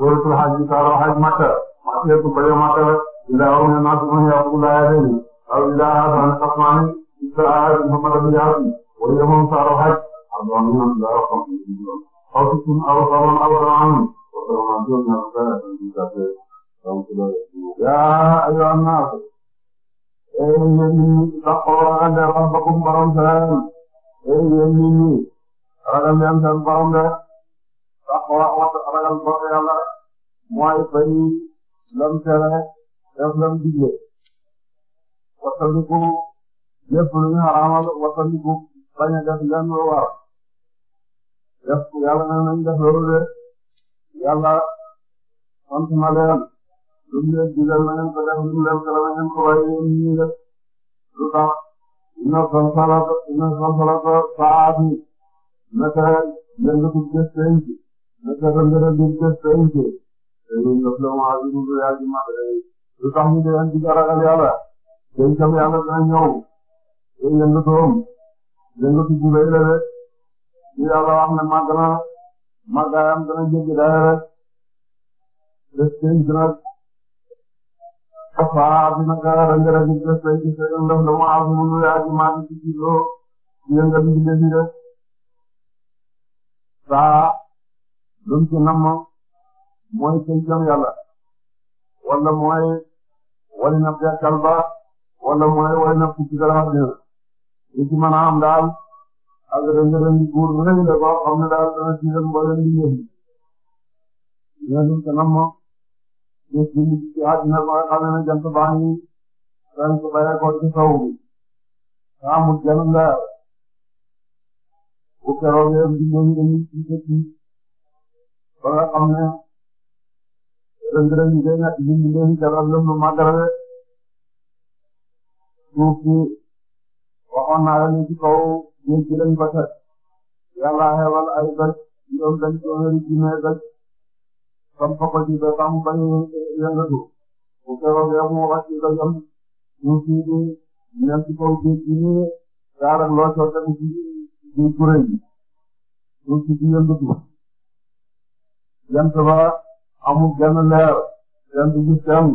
waratul xaj bi saaroo xaj makka makka yëpp ba yow makka la ilaa woon naa si man yàqu laa yàlla aw ilaa hasan asmaani saa muhammad bi yaasi wala yow moom saaroo xaj abdoulaye ñu naan laa xam aw si sun aw sabon aw raanu yaa ayyuhan naas ee yéen ñi taqoo ragal leen rabbakum borom seen ee yéen ñi ragal leen seen borom de taqoo ragal ko yàlla mooy bari lam tere def lam digle wasandiku lépp lu ñu xaraamal wasandiku bañ a def lenn lu war def yàlla na nañ def loolu de yàlla sant na leen lu mu leen digal na ngeen ko def lu mu leen tere na ngeen ko bàyyi yéen ñi def lu tax inna sansalata inna sansalata saati naka yëngatu gëstu nekkatam nga def di des tey jii dañuy def doomu aadama bi mu yaay ji mag rek lu tax ñu dee di ragal yàlla day sam yàlla dana ñëw day yëngatoom yëngatu ji lay la rek ñu yàlla wax ne màgg na màggaayam dana jéggi daay rek des tey dina faa dina gaa rek nga def di des tey jii dañuy def doomu aadama bi mu yaay ji mag ci jiw loo yëngatu ji la ji rek saa. lu mu ci namm mooy kenn jëm yàlla wala mooy wali na fi kalba wala mooy wali na fi ci dara àddina li ci mën a am daal ak rëng-rëng guur rëy la boo xam ne daal dana ci dem mboolem bi ñëw ñoo lu mu ci namm ñu ci mu ci àddina ba nga xam ne jant baa ngi fenk bayee ko ci sow bi saa mu jëm leer bu keroog yëpp di ñëw dañuy ci ba nga xam ne rëng-rëng yi day nekk biñ leen jaral lëm lu màgg la suuf si waxoon naa la ni ci kaw géej gi lañ ko teg yàlla xewal ay bët ñoom dañ ko wéri ci mais bët sam fa ko ci bët am bañ yëngatu bu fekkee mu wax ci bëtam suuf si di nekk ci kaw géej gi nii daara loo coow tamit ci ci kuréel gi suuf si di yëngatu jant ba amul genn leer jant gis kenn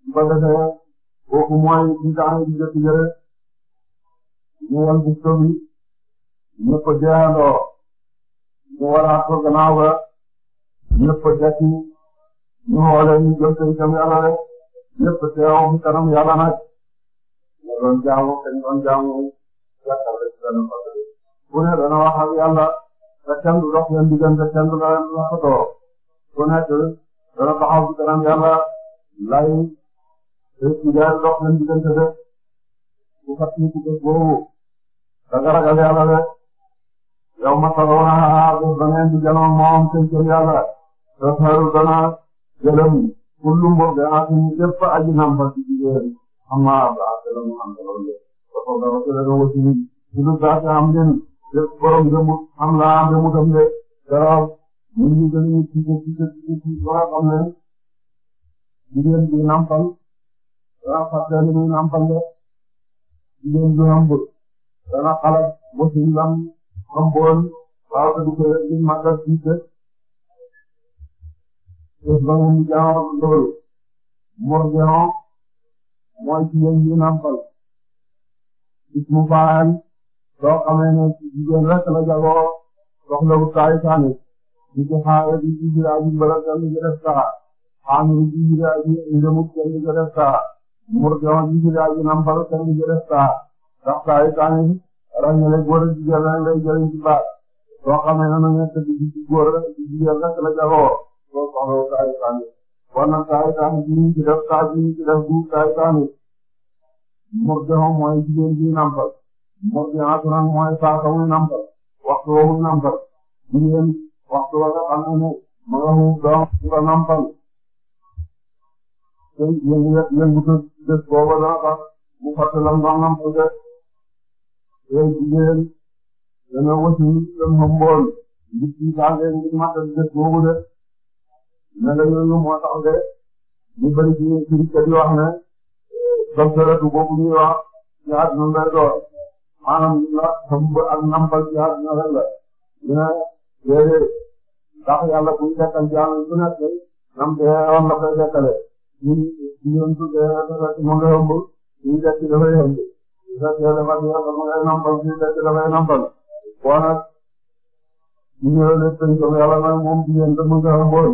su ko defee kooku mooy suñ taxawee di jot yëre ñu wan gis ko bi ñëpp a jeexandoo ñu waraat ko gannaaw ga ñëpp ñu xoolee ñu jël seen itam yàlla rek ñëpp teew fi kanam yàlla nag ñu doon jaamu dañ doon jaamu jàkkaarloo ci benn côté. bu ne dana wax ak yàlla. te kenn du dox seen diggante kenn du dox xëtoo ku nekk dana taxaw ci kanam yàlla lay ci jaar dox seen diggante de bu fàttali ci bés boobu danga ragal yàlla de yow masaroona bés ba ngeen di janoon moom seen seen yàlla te xaru dana jëlem kullu mbor de ak ñu képp aji nampa ci jigéen amma ba ak la mu am dara de ba ko dara ko dara wasi ci lu baax am leen borom jëmm xam laa am jëmm gëm de garaaw ñun ñu gën ñu ci ci ci ci ba xam ne jigéen bi nampal dana fàtte li muy nampal de jigéen bi ëmb dana xalaat mosul lam ëmboon waaw te soo xamee ne jigéen rek la jagoo soxla bu taayu saani ñu ci xaaree di ji jiraa ji mbala kenn du def saxaar xaamilu ji jiraa ji ndemu kenn du def saxaar murdoon ji jiraa ji nampal kenn du def saxaar ndax taayu saani ràññale góor ak jigéen rek lay jëriñ ci baat soo xamee ne nag ci góor rek jigéen rek la jagoo soo soxla bu taayu saani kon nag taayu saani ji ñu ci def saa ji ñu ci def bu taayu saani murdoon mooy jigéen ji nampal. murdi'atun mooy saa sa muy nampal waxtu wa muy nampal jigéen waxtu wa nga xam ne ma nga mu doom di ko nampal te yëngu yëngu bés boobu dana tax mu fàttali la nga nampal de te jigéen dana wëcc seen mbool nit yi saa ngeen nit matal bés boobu de ne la yooyu moo tax de ñu bëri ci kër yi wax ne docteur boobu ñuy wax ñaar ñun lay door. maanaam sëmb ak nampal ci àdduna rek la ñu ne déedéet ndax yàlla buy dekkal jaam yi bu nekk ñoom teewoon la koy dekkale ñun ñun su dee rek mu ngi yomb ñu dekk dafay yomb su fekkee dafa yàlla mu ngay nampal ñu dekk dafay nampal waaw nag ñu ñëw leen tënk yàlla nag moom jigéen te mu ngi yomboon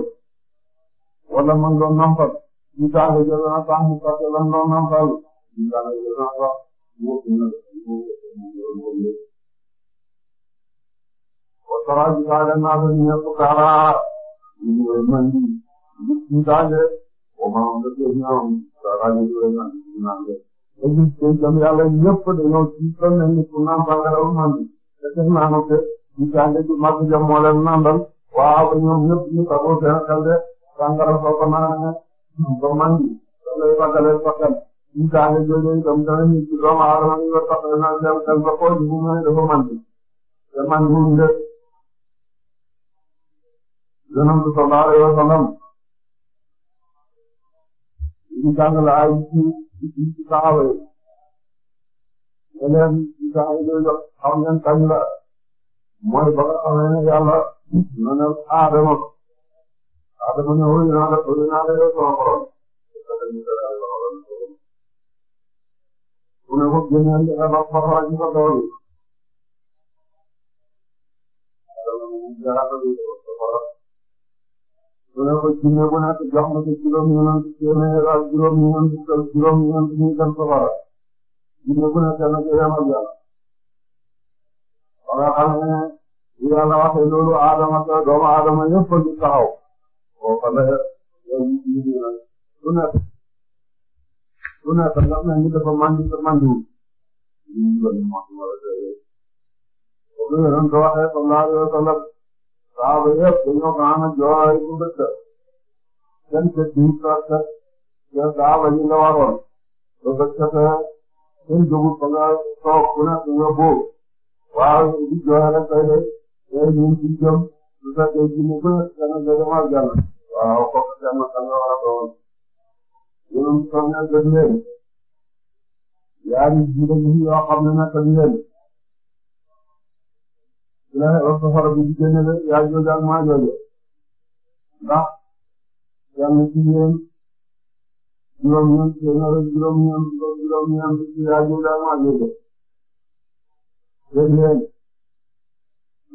wala mu ngi doon nampal ñu tàng jël na tàng parce que lan doon nampal ñu tàng jël na sax mu Faraa bi taa leen naa leen ñëpp Kaara ñu ngi leen mën di ñu taa leen au moins de tey ñoom Kaara ñu ngi leen naan leen. te gis tey jëm yàlla ñëpp dañoo ci toll nañ pour naan bàqalewul man bi te tey naanu te ñu taa leen ci mag jëm moo leen nandal waaw ba ñoom ñëpp ñu tagoo seen xel de sàngara soo ko naan ba man bi. te lay bàqaleel sa xel. isaane jooju itam dana nit ci doomu aadama yi war a fàttali naan dem dem ba koo ji bu mu ne dafa màndi te màndi wuñ de yonent sallallahu alayhi wa sallam ñu jàngale ay ci ci saxaaba yi te leen isaane jooju xam ngeen kañ la mooy ba nga xamee ne yàlla na ne aadama aadama ne wuyu naa la wuyu naa la yow sama borom ku ne ko génneel nga ba xarala ci sa tool yi. ku ne ko ci ne bu nekk jox ma ci juróom-ñeent téeméer ak juróom-ñeent juróom-ñeent ñu dem safara ci ne bu nekk na ci yamal yàlla. wala xam ne yàlla waxee loolu Adama sa doomu Adama yëpp a gis taxaw. boo ko defee yow ñu ngi su nekk ndax nag ñu dafa mandi te mandiwul ñu ko doon ko waxee sallallahu alayhi wa sallam saaba yëpp dañoo ko am a jooy bu bët kenn kër gi sax kër saaba yi nga waroon ba bët sa kenn jógul fa nga toog ku nekk nga boobu waaw di jooy rek tey de tey ñu ngi ciy jëm su fekkee ji mu bëri dana gën a waaw kooku kenn ku nekk nga war a doon yow soo ñëwee gën leen yaa ngi jiite nit ñi yoo xam ne nag gën leen su la xew safara bi di génne la yaa jooju ak maa jooju ndax kenn ci yéen juróom-ñeent téeméer juróom-ñeent juróom-ñeent yaa jooju ak maa jooju dégg leen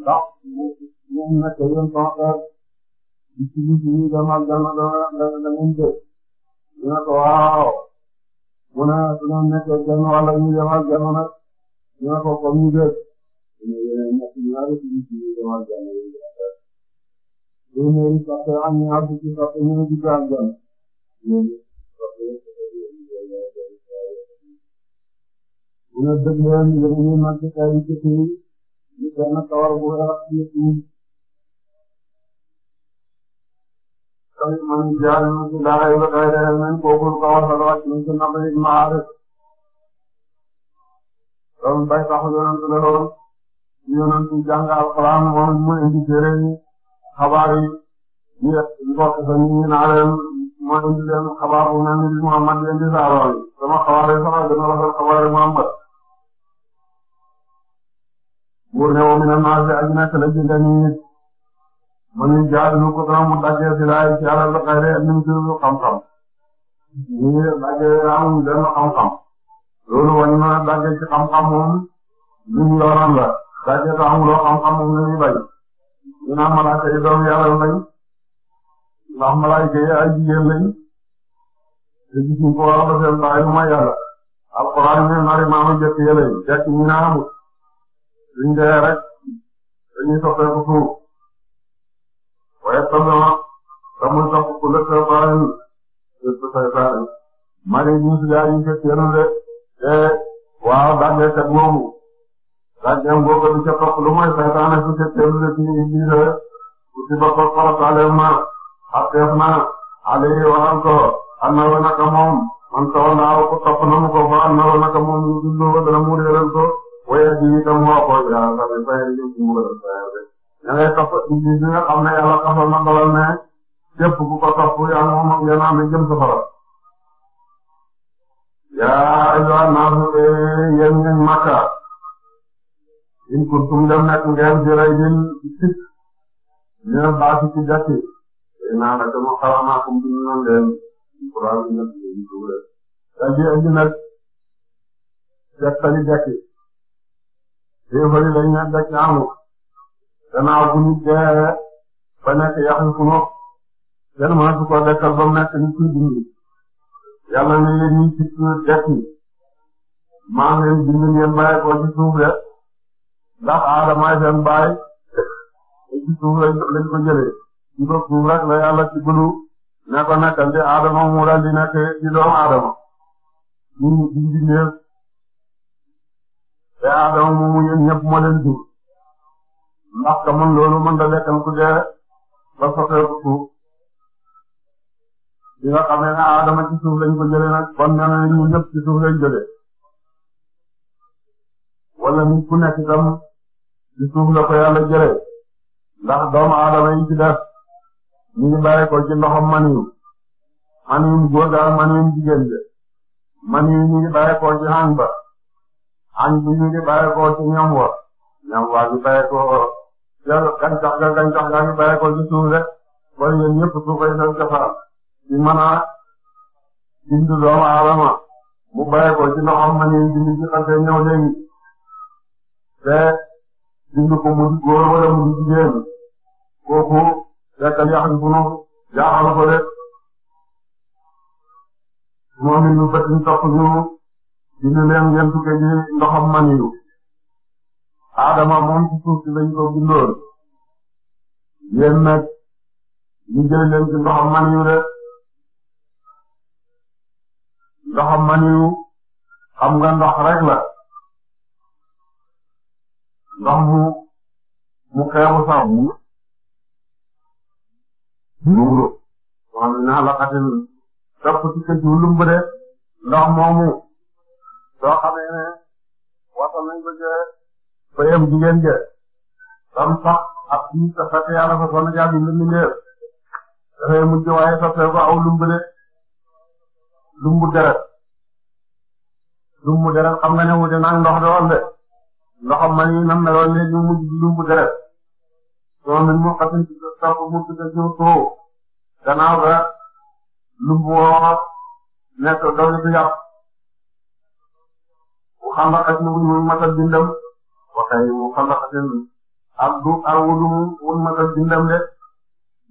ndax ñoom nag yéen sama xeet di ci gis ñu dem ak dana dana dana ngeen jël. ñu ne ko waaw mu ne su ñu nekkee genn wàll ñu defal genn nag ñu ne ko comme ñu dégg ñu nekk ñaari suñu suñu defal genn yi ñu ne ñu sax te am ñaar suñu sax te ñu ne guddi ak genn ñu ne dëgg leen yéen ñi màgg kay ci suñu ñu benn kawar bu weex ci suñu man jaaree na ci daara yu bëgg a yore ren kooku lu ko war a wax ñu ci naka yi ma aar loolu bay tax yonent la woon yonent jàng alxuraan moom mu indi téere yi xabaar yi ñu bokk sa nit ñi naa leen moo indi leen xabaar bu mel ni Muhammad leen di saaroon sama xabaar yi sax dina rafet xabaar yi Muhammad buur ne wa mina naasi ay nekk la ci nit mu ne jaadu ko dana mu daggee si laay ci alal la xayre ak nim sirru xam-xam ñi daggee am benn xam-xam loolu wane na daggee ci xam-xam moom lu ñu yoroon la daggee te amuloo xam-xam moom la ñuy bay dina malaaka yi doom yàlla lañ ndax malaaka yi ay jigéen lañ te gisuñ ko wala ba seen baay lu ma yàlla alxuraan ne nari maamu jëkk yële fekk ñu naa amut suñ dee rek dañuy soppeeku suuf waaye Samia samul sax ku nekk Farañ yëpp saytaane mari ñu si yaay ñu fekk yéen de te waaw daggee kat moomu daggee ngoo ko du ca topp lu mooy saytaane su fekk yéen de ci indi de ku ci bopp farataale ma xarteef na Aliou waxal ko annaru naka moom man taw naaw ko topp na mu ko fa annaru naka moom ñu dundoo dana mu réeral ko waaye ji itam waa ko yaa xam ne saa yéen ñëpp mu ko def saa yéen da ngay topp Iblis nga xam ne yàlla xamal na dogal ne képp ku ko topp yàlla moom ak yéen a amee jëm safara. yaa ayyuhan naasu eh, yéen ngeen Makka. in kuntum dem nekk ngeen di rey din sikk. ñëw baasi ci gàcce. tey naa la dama xaramaakum bi ñu naan leen. Alxuraan bi nag ñu dugal. daje indi nag. gàttali gàcce. tey bëri dañ ne gàcce amul. gannaaw bu nit dee ba nekk yàq yu fumóof kenn ko dekkal ba nekk nit kuy dund yàlla ne yéen ñi ci def yi maa ngi ko ci suuf de ndax aadama ay seen baay ci suuf lañ ko jëlee ne ko nekkal di aadama mu daal di nekk ci doomu aadama ñu ngi bindee te aadama moomu yéen ñëpp moo jur ndax ka loolu mën da lekkal ku dee ba sotteeku suuf bi nga xam ne Adama ci suuf lañ ko jëlee nag kon nee na ñun ñëpp suuf lañ jëlee wala nit ku nekk itam suuf la ko yàlla jëlee ndax doomu Adama yi ci def ñu ngi bàyyi ko ci loxom daal maniyu jigéen de maniyu ñu ngi bàyyi ko ci hang ba hang bi ñu ngi bàyyi ko ci wa ñam waa ngi bàyyi ko yàlla gàncax ga gàncax gaa ngi bàyyi ko ci suuf rek mooy yéen ñëpp suufay seen cosaan di mën a bind doomu aadama mu bàyyi ko ci loxoom ma ñuy bind ci xase ñëw léegi te bind ko mu di góor wala mu di jigéen kooku fekkal yàq bu nu jaaxal ko de moom it ñu fekk ñu topp ñu bind leen ngeen tukkee ci ndoxam ma ñu. Adama moom ci suuf si lañ ko bindoon yéen nag ñu jël leen ci ndoxam maniw de ndoxam maniw xam nga ndox rek la ndox mu mu xeebu sax mu lumb wax naa la xatin topp ci kër gi lumb de ndox moomu soo xamee ne wasa nañ ko jëlee bëyam jigéen je tam sax ak kii te fekk fa sonn jaa bind mbindeef dafay mujj waaye soppee ko aw lumb de lumbu deret lumbu deret xam nga ne wute nag ndox de de ndoxam man yi nam meloon léegi mu mujj lumbu deret soo mu xasin ci sopp mu tudde jiw toow ga lumbu woo nekk dawlitu yàpp bu xam ba xas na buñ mu matal bindam waxee mu xalaxatin ak du aw lu mu wun matal bindam de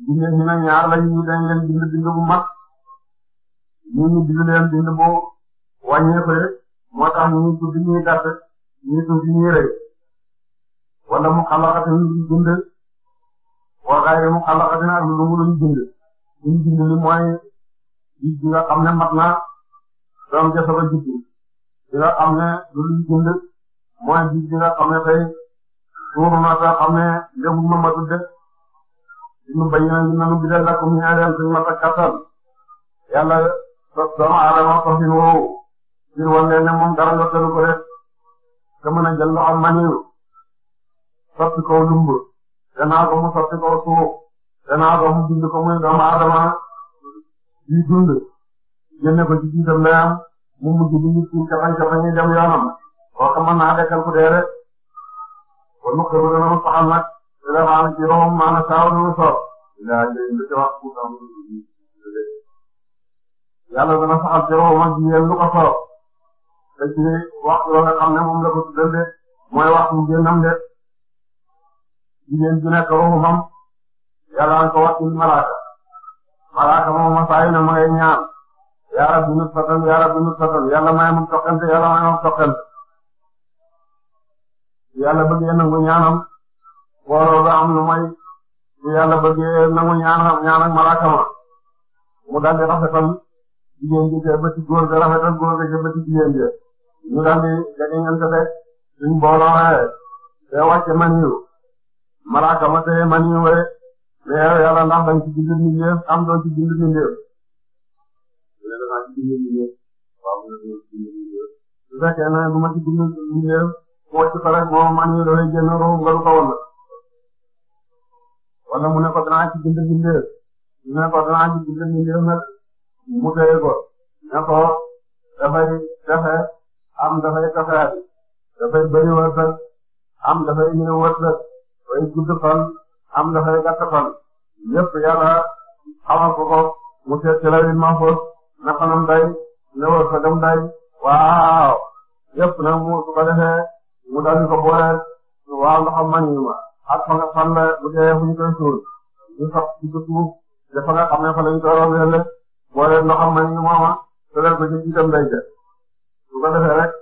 binde ñu ne ñaar lañ ñu dañ leen bind bind bu mag ñu ñu bind leen bind bu wàññeeku rek moo tax ñu tuddi ñuy gàtt ñu tuddi ñuy rëy wala mu xalaxatin luñ bind waxee mu xalaxatin ak lu mu luñ bind luñ bind li mooy li nga xam ne mat na doom ja soog a juddu li nga xam ne lu luñ bind mooy bis bi nga xam suur na nga xam ne léegi nu ma tuddee nu béy na ñu nanu la comme ñaareel ak suñu mata kattan yàlla tos doomu aadama soxin woowu ngir wan leen ne moom dara yottalu ko rek nga mën a jël loxo maniru sotti ko lumb danaa ko mu sotti ko suuf danaa ko mu bind ko muy doomu aadama di mu mujj bi ñu ci cafañ cafañ yi dem kooku mën naa dekkal ku dee rek kon mu xëy na dana mu saxal nag te dafa am ci yow maanaam saa wu ñu soog yaa ngi leen di wax pour am yàlla dana saxal ci yow man jigéen lu ko soog te ci waxtu la nga xam ne moom la ko tuddal de mooy waxtu génnam de jigéen ju nekk ruuxam yàlla na ko waxtu malaaka malaaka moom masaay na ma ngay ñaan yaa rabbi nutfatan yaa rabbi nutfatan yàlla may ma toqante yàlla may ma toqante yàlla bëggee nangu ñaanam wooroo ga am lu mooy bu yàlla bëggee nangu ñaanam ñaan ak malaaka ma mu daldi rafetal jigéen ji ba ci góor ga rafetal góor ga ba ci jigéen ji ñu daldi jegeñante de suñ booloo ree te wàcce maniyu malaaka ma te maniyu we mais yow yàlla ndax dañ ci bind mi yëf am doo ci bind mi yëf su fekkee ne du ma ci bind mi yëf wocc ko rek moom man yi dafay génn roof nga du ko wall wala mu ne ko danaa ci bind bindee mu ne ko danaa ci bind bindee nag mu téye ko ne ko dafay tefe am dafay tefeat dafay bëri wërsëg am dafay ñëw wërsëg dafay gudd fan am dafay gàtt fan yëpp yàlla xamal ko ko mu seet ci lawin mahfuz nafanam day ne wërsëgam day waaw yëpp nag mu su ko defee mu dal di ko booleel waaw loxo mani ma ak fa nga fan la bu dee fu ñu koy suul ñu sox ci suuf dafa nga xam ne fa lañ koy roobeel la booleel loxo mani mooma tëral ko ci itam day def su ko defee rek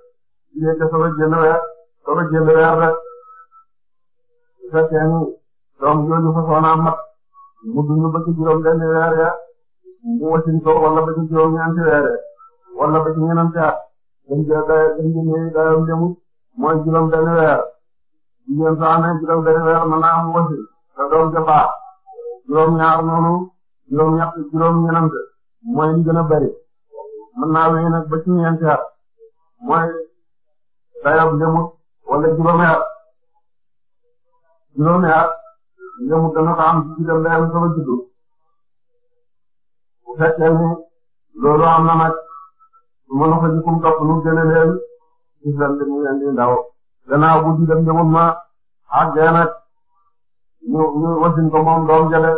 jigéen ca soog a jënd weer soog a jënd weer rek su fekkee ni doom jooju fa soona mat mu dund ba ci juróom benn weer ya mu wasin ko wala ba ci juróom ñeenti weer ya wala ba ci ñeneen caat dañ jël day dañ jël dayam demut mooy juróom benn weer jigéen soo amee juróom benn weer mën naa am wasi te doom ja baax juróom ñaar noonu juróom ñett juróom ñenant mooy li gën a bari mën naa wéy nag ba ci ñeenti at mooy dayob njëmut wala juróomi at juróomi at njëmut dana ko am ci dem dayam sama juddu bu fekkee ni loolu am na nag su ma la ko jikkum topp nu gën a leen leen mu leen di ndaw gannaaw bu ci dem demul ma ak gee nag ñu ñu wasin ko moom doom jële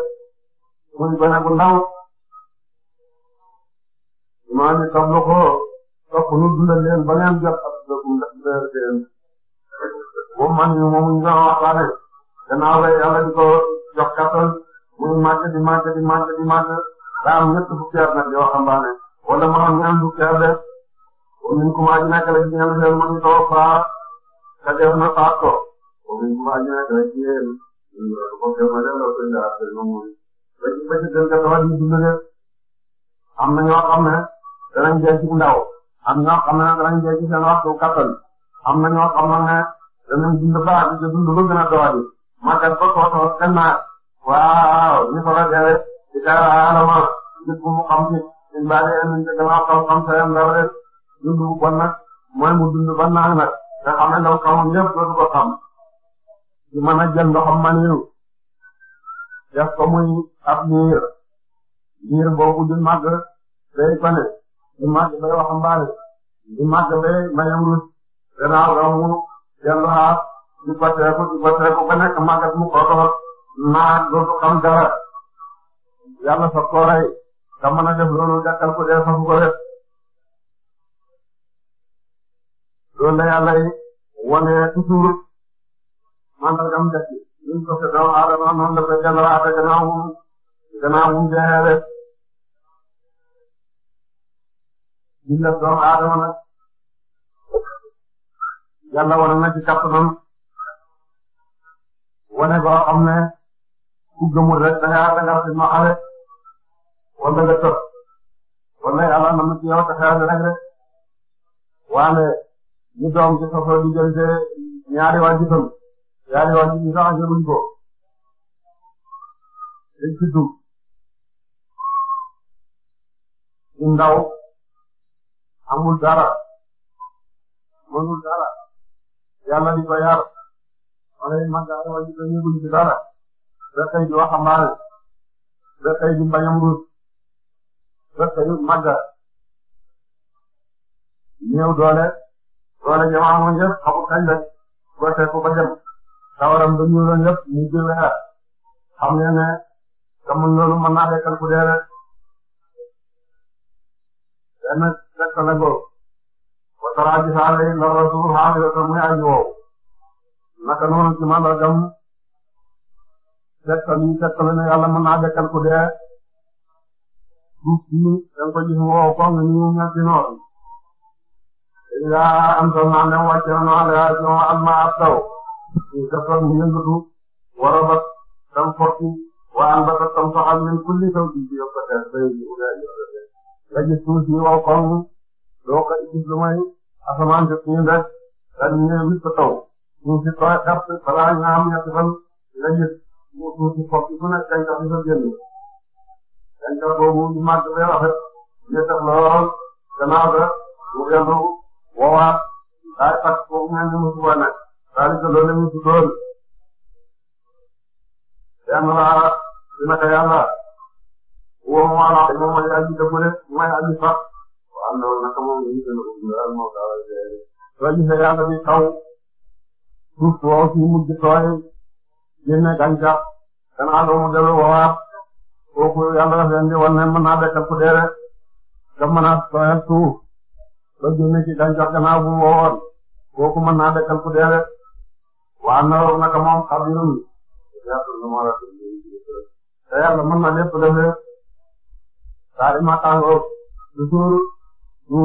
muy gone bu ndaw maa ngi tablu ko topp nu dundal leen ba ngeen jot ak dëkkum ndax leer seen moom man ñu moom ñu doon waxtaane gannaaw la yàlla di ko jox kattan muy màcc di màcc di màcc di màcc daa am ñett fukki at nag yoo xam wala ma am ñeent fukki at ومن كم أجنك لكي ينزل من توفى فجرنا فاقه ومن كم أجنك لكي ينزل من توفى ba ci ba ci gën gàttal di dundale am na ñoo xam ne danañ jël ci ndaw am ñoo xam ne danañ jël ci seen waxtu kattan am na ñoo xam ne danañ dund baax di dund ba gën a doole màggat ba kooku kenn naa waaw ñu ko la jëlee ci dara la ma gis mu xam ci suñ baale yéen ñu ngi gën a xam xam sa yam ndaw rek dund bu bon nag mooy mu dund ba naan nag nga xam ne ndaw xamam yëpp dootu ko xam ci mën a jël ndoxam maniru def ko muy ab niir niir boobu di màgg day kone di màgg bay waxambaane di màgg bay mayam rus danaaw ga mu dellu xaar di ko teeku di ko teeku ba nekk màggat mu ko doon naat dootu loolu la yàlla wane toujours mandargam dëkk bi ñu ko fekk doomu aadama noonu la koy jàllalaate gannaaw moom gannaaw moom jeexee rek ñu def doomu aadama nag yàlla wane na ci kattanam wane boo xam ne ku gëmul rek da ngaa da ngaa fi ma xale wala nga tëb wala yàlla na ma ci yow te xeex rek rek waane. ñu doom ci soxla diggante ñaari waajuram ñaari waajur yi sax jëluñ ko dañ ci dugg ci ndaw amul dara mënul dara yàlla di ko yar wala yi mag ñaari waajur yëguñ ci dara da kay di waxambaane da kay di mbañam ruus da kay màgg néew doole loolu jamono yëpp xamul kañ la goteeku ba dem tawaram ba ñuuloon yëpp ñu ku dee rek benn fekk la góor ba taraa ci saa lay lor la suuf xaar yoo xam muy aji wow naka noonu ci man la dem fekk ñu fekk la ne yàlla mën naa dekkal ku dee suuf si da nga ko gis mu wow yaa am sax naa leen wàcce na naa leen ak ñoom am naa ab taw ñu gëstoo ñu yëngatu war a ba tam forti waa am ba tam tam soxal min kulli taw bi di yokk teel béy bi oubien ñu ko defee. nga gis suuf si waaw koŋŋ doo ko gis lu may asamaan si suñu def daal di ñëw wis ko taw suuf si tooy xar balaa ñu am ñetti fan nga gis suuf si forti bu nekk gàncax gi sa génn gàncax boobu ñu màgg ba rafet ñu def lool gannaaw ga mu gàncax. woowaat daal di fàttali foofu ñu ñu mucc woon nag daal di loolu la ñu si doon laa dina ko yàlla woo ma la aji dëggule mooy aji sax waaw loolu nag moom ñu gën a ubbiwaat moom daal di leen soo gisee yàlla bi taw suuf soo si mujj tooy génne gàncax danaa doon mu dellu woowaat kooku ba génne ci gàncax gannaaw bu woowoon kooku mën naa dekkal ku dee de waa naroon naka moom xabirun te yàlla mën na lépp de lépp saa di maataangoo toujours ñu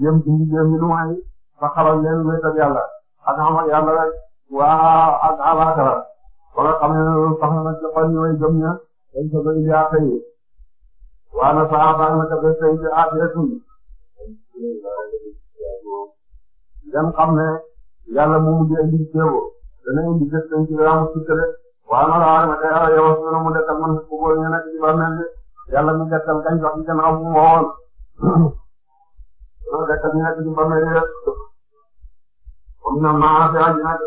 jëm ci jëm ñu lu may fa xaral leen wéetal yàlla ak xam ak yàlla rek waa ak alaakara ba nga xam ne sax na ci xol ñooy jëm ña dañ ko bëri yaakaar yi waa na saa baal na ko bés tey ci aafiyatun ngeen xam ne yàlla mu mujj indi ceebo dana indi gëstu dañ ci yàlla mu tukkale waaye nag waaye nag yàlla yow su mu dëkkal man ku góor ñu nekk ci ba mel ni yàlla mu dëkkal gàncax gi gannaaw bu mu woon loolu dëkkal ñu nekk ci ba mel ni comme na maa fi àgg nag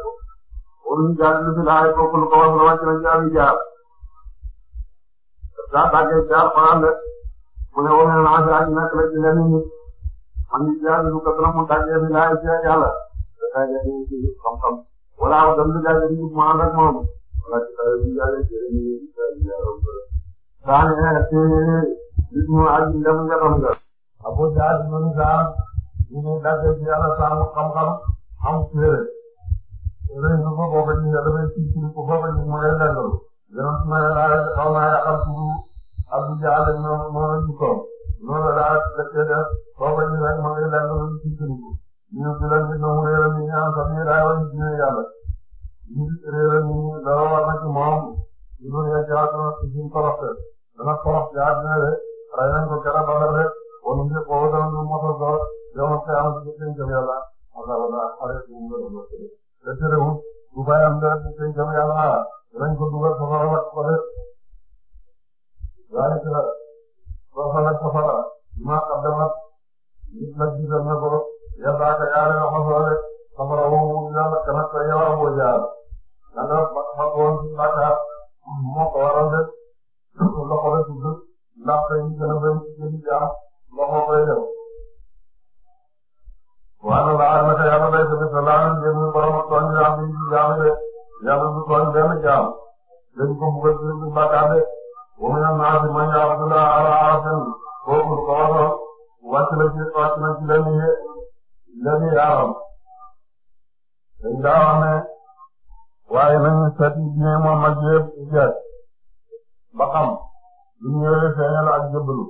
wala ñu jaarale fi laay kooku lu ko war a wàcc na jaar yi jaar daa tàggee jaar xoolal de mu ne wala naa fi àgg nag la ci lenn nit. man mii di àll bi kat la mu tàggee bi laay ci yàlla dafay jafe ci xam-xam wala dem di jafe ci mu ànd ak moom wala ci xale bi jafe ci li ñu ci xale bi yàlla bu bëri. saa ne ci nit mu àgg ndem nga xam nga. Abu Jahl ñu ne saa ñu ne daje ci yàlla saa mu xam-xam am téere téere ñu ko boo ko ci nga dafay ci ci ko boo ko ci mooy dandalu. gannaaw su ma la laajee xaw ma la xam ci Abu Jahl ñoo ñoo la ci kaw loolu laa dëkkee def. kooku ñun rek mooy lenn luñ ci sukkandiku ñun fi leen gis ne mu réeral nit ñi am sabiila way diine yàlla ñu réeral nit ñi dara war na ci moom ñu dul yegg jaatuma ci suñ toroxte dana torox ci àddina de rey nañ ko keroog Badar rek wala mu yëpp wala dana du mos a door yow ma koy am ci pencam yàlla wala wala xare bu mu doon mos te terewul du bàyyi am dara ci pencam yàlla danañ ko dugal safara wat ko de waaye ci la soo fa nag safara maa xam gis na gisal na ko yàlla ak yaale wax na ko rek safara woowu yàlla tamit ko yow amoo jaar yàlla fàqoon ci bàkkaar moo ko waral rek loxo la tudd ndax tey gën a bëri ci jëli jaar loxo koy def. waaw laa naka yàlla day def sa laaj ngeen ñu borom ak tooñ jaam yi jaam de yàlla du tooñ benn jaam dañ ko bëgg a jël bàkkaar de wa mina naasi man ya'budu llaaha alaa harfin kooku lu ko waral wàcc na ci wàcc na ci lenn yi lenn yi aaram waaye nañu seet yi diine moom ak yëpp seet ba xam lu ñëwee feeñal ak jëbbalu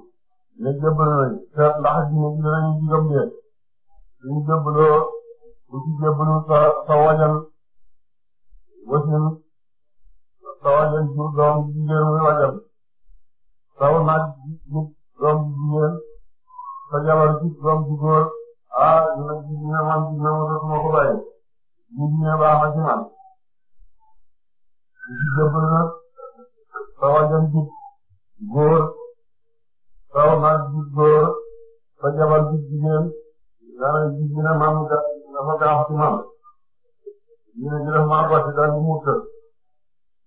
ne jëbbalu nañ seet ndax diine ji dinañu ci gëm dee sa wajan wasin sa wajan jur doom jigéen muy wajan saw naaj nit doom jigéen sa jabar gis doom ju góor ah dina dina man dina ma dootuma ko bàyyi ñu dina baax a ci man ci jëbbal na sa wajan gis góor sa naag gis góor sa jabar gis jigéen dana gis dina man dafa gaax ci man dina ji def maa bàcc daal di muut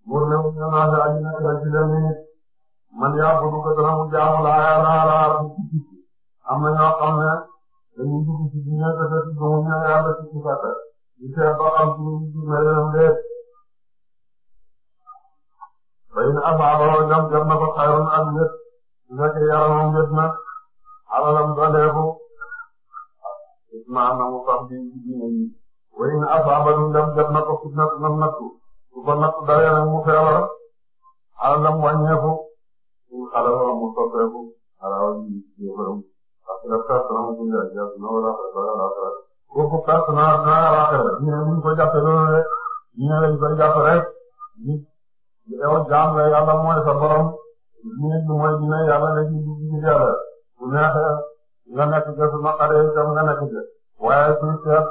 góor ne mu ñëw naa sa ajina ci la nit man yaa ko dugg dana mu jaamu laa yaa laa laa am na ñoo xam ne dañuy dugg ci biir te fekk gëmuñu ne yàlla ci sifata ñu seet ba xam ci ñu ci meloom déet bayin asaaboo jam jam na ko xayrun ak njët su fekkee yaramam njët na alalam doleeku ismaam na mu sax di diine yi wayin asaabatu ah jam jam na ko fitna nam nattu su ko nattu daree nag mu feebar alalam wàññeeku su xalawam mu soppeeku xalawam yi yëfaram ak personne bu ñu la jël dina war a faral a faral kooku personnage dina la war a faral ñu ne bu ñu ko jàppee loolu rek ñu ne lañ koy jàpp rek nit yow jaam la yàlla mooy sa borom nit mooy dina yàlla rek ñu ngi gis yàlla bu neexee nga nekk ca su ma xaree itam nga nekk ca waaye suñu seet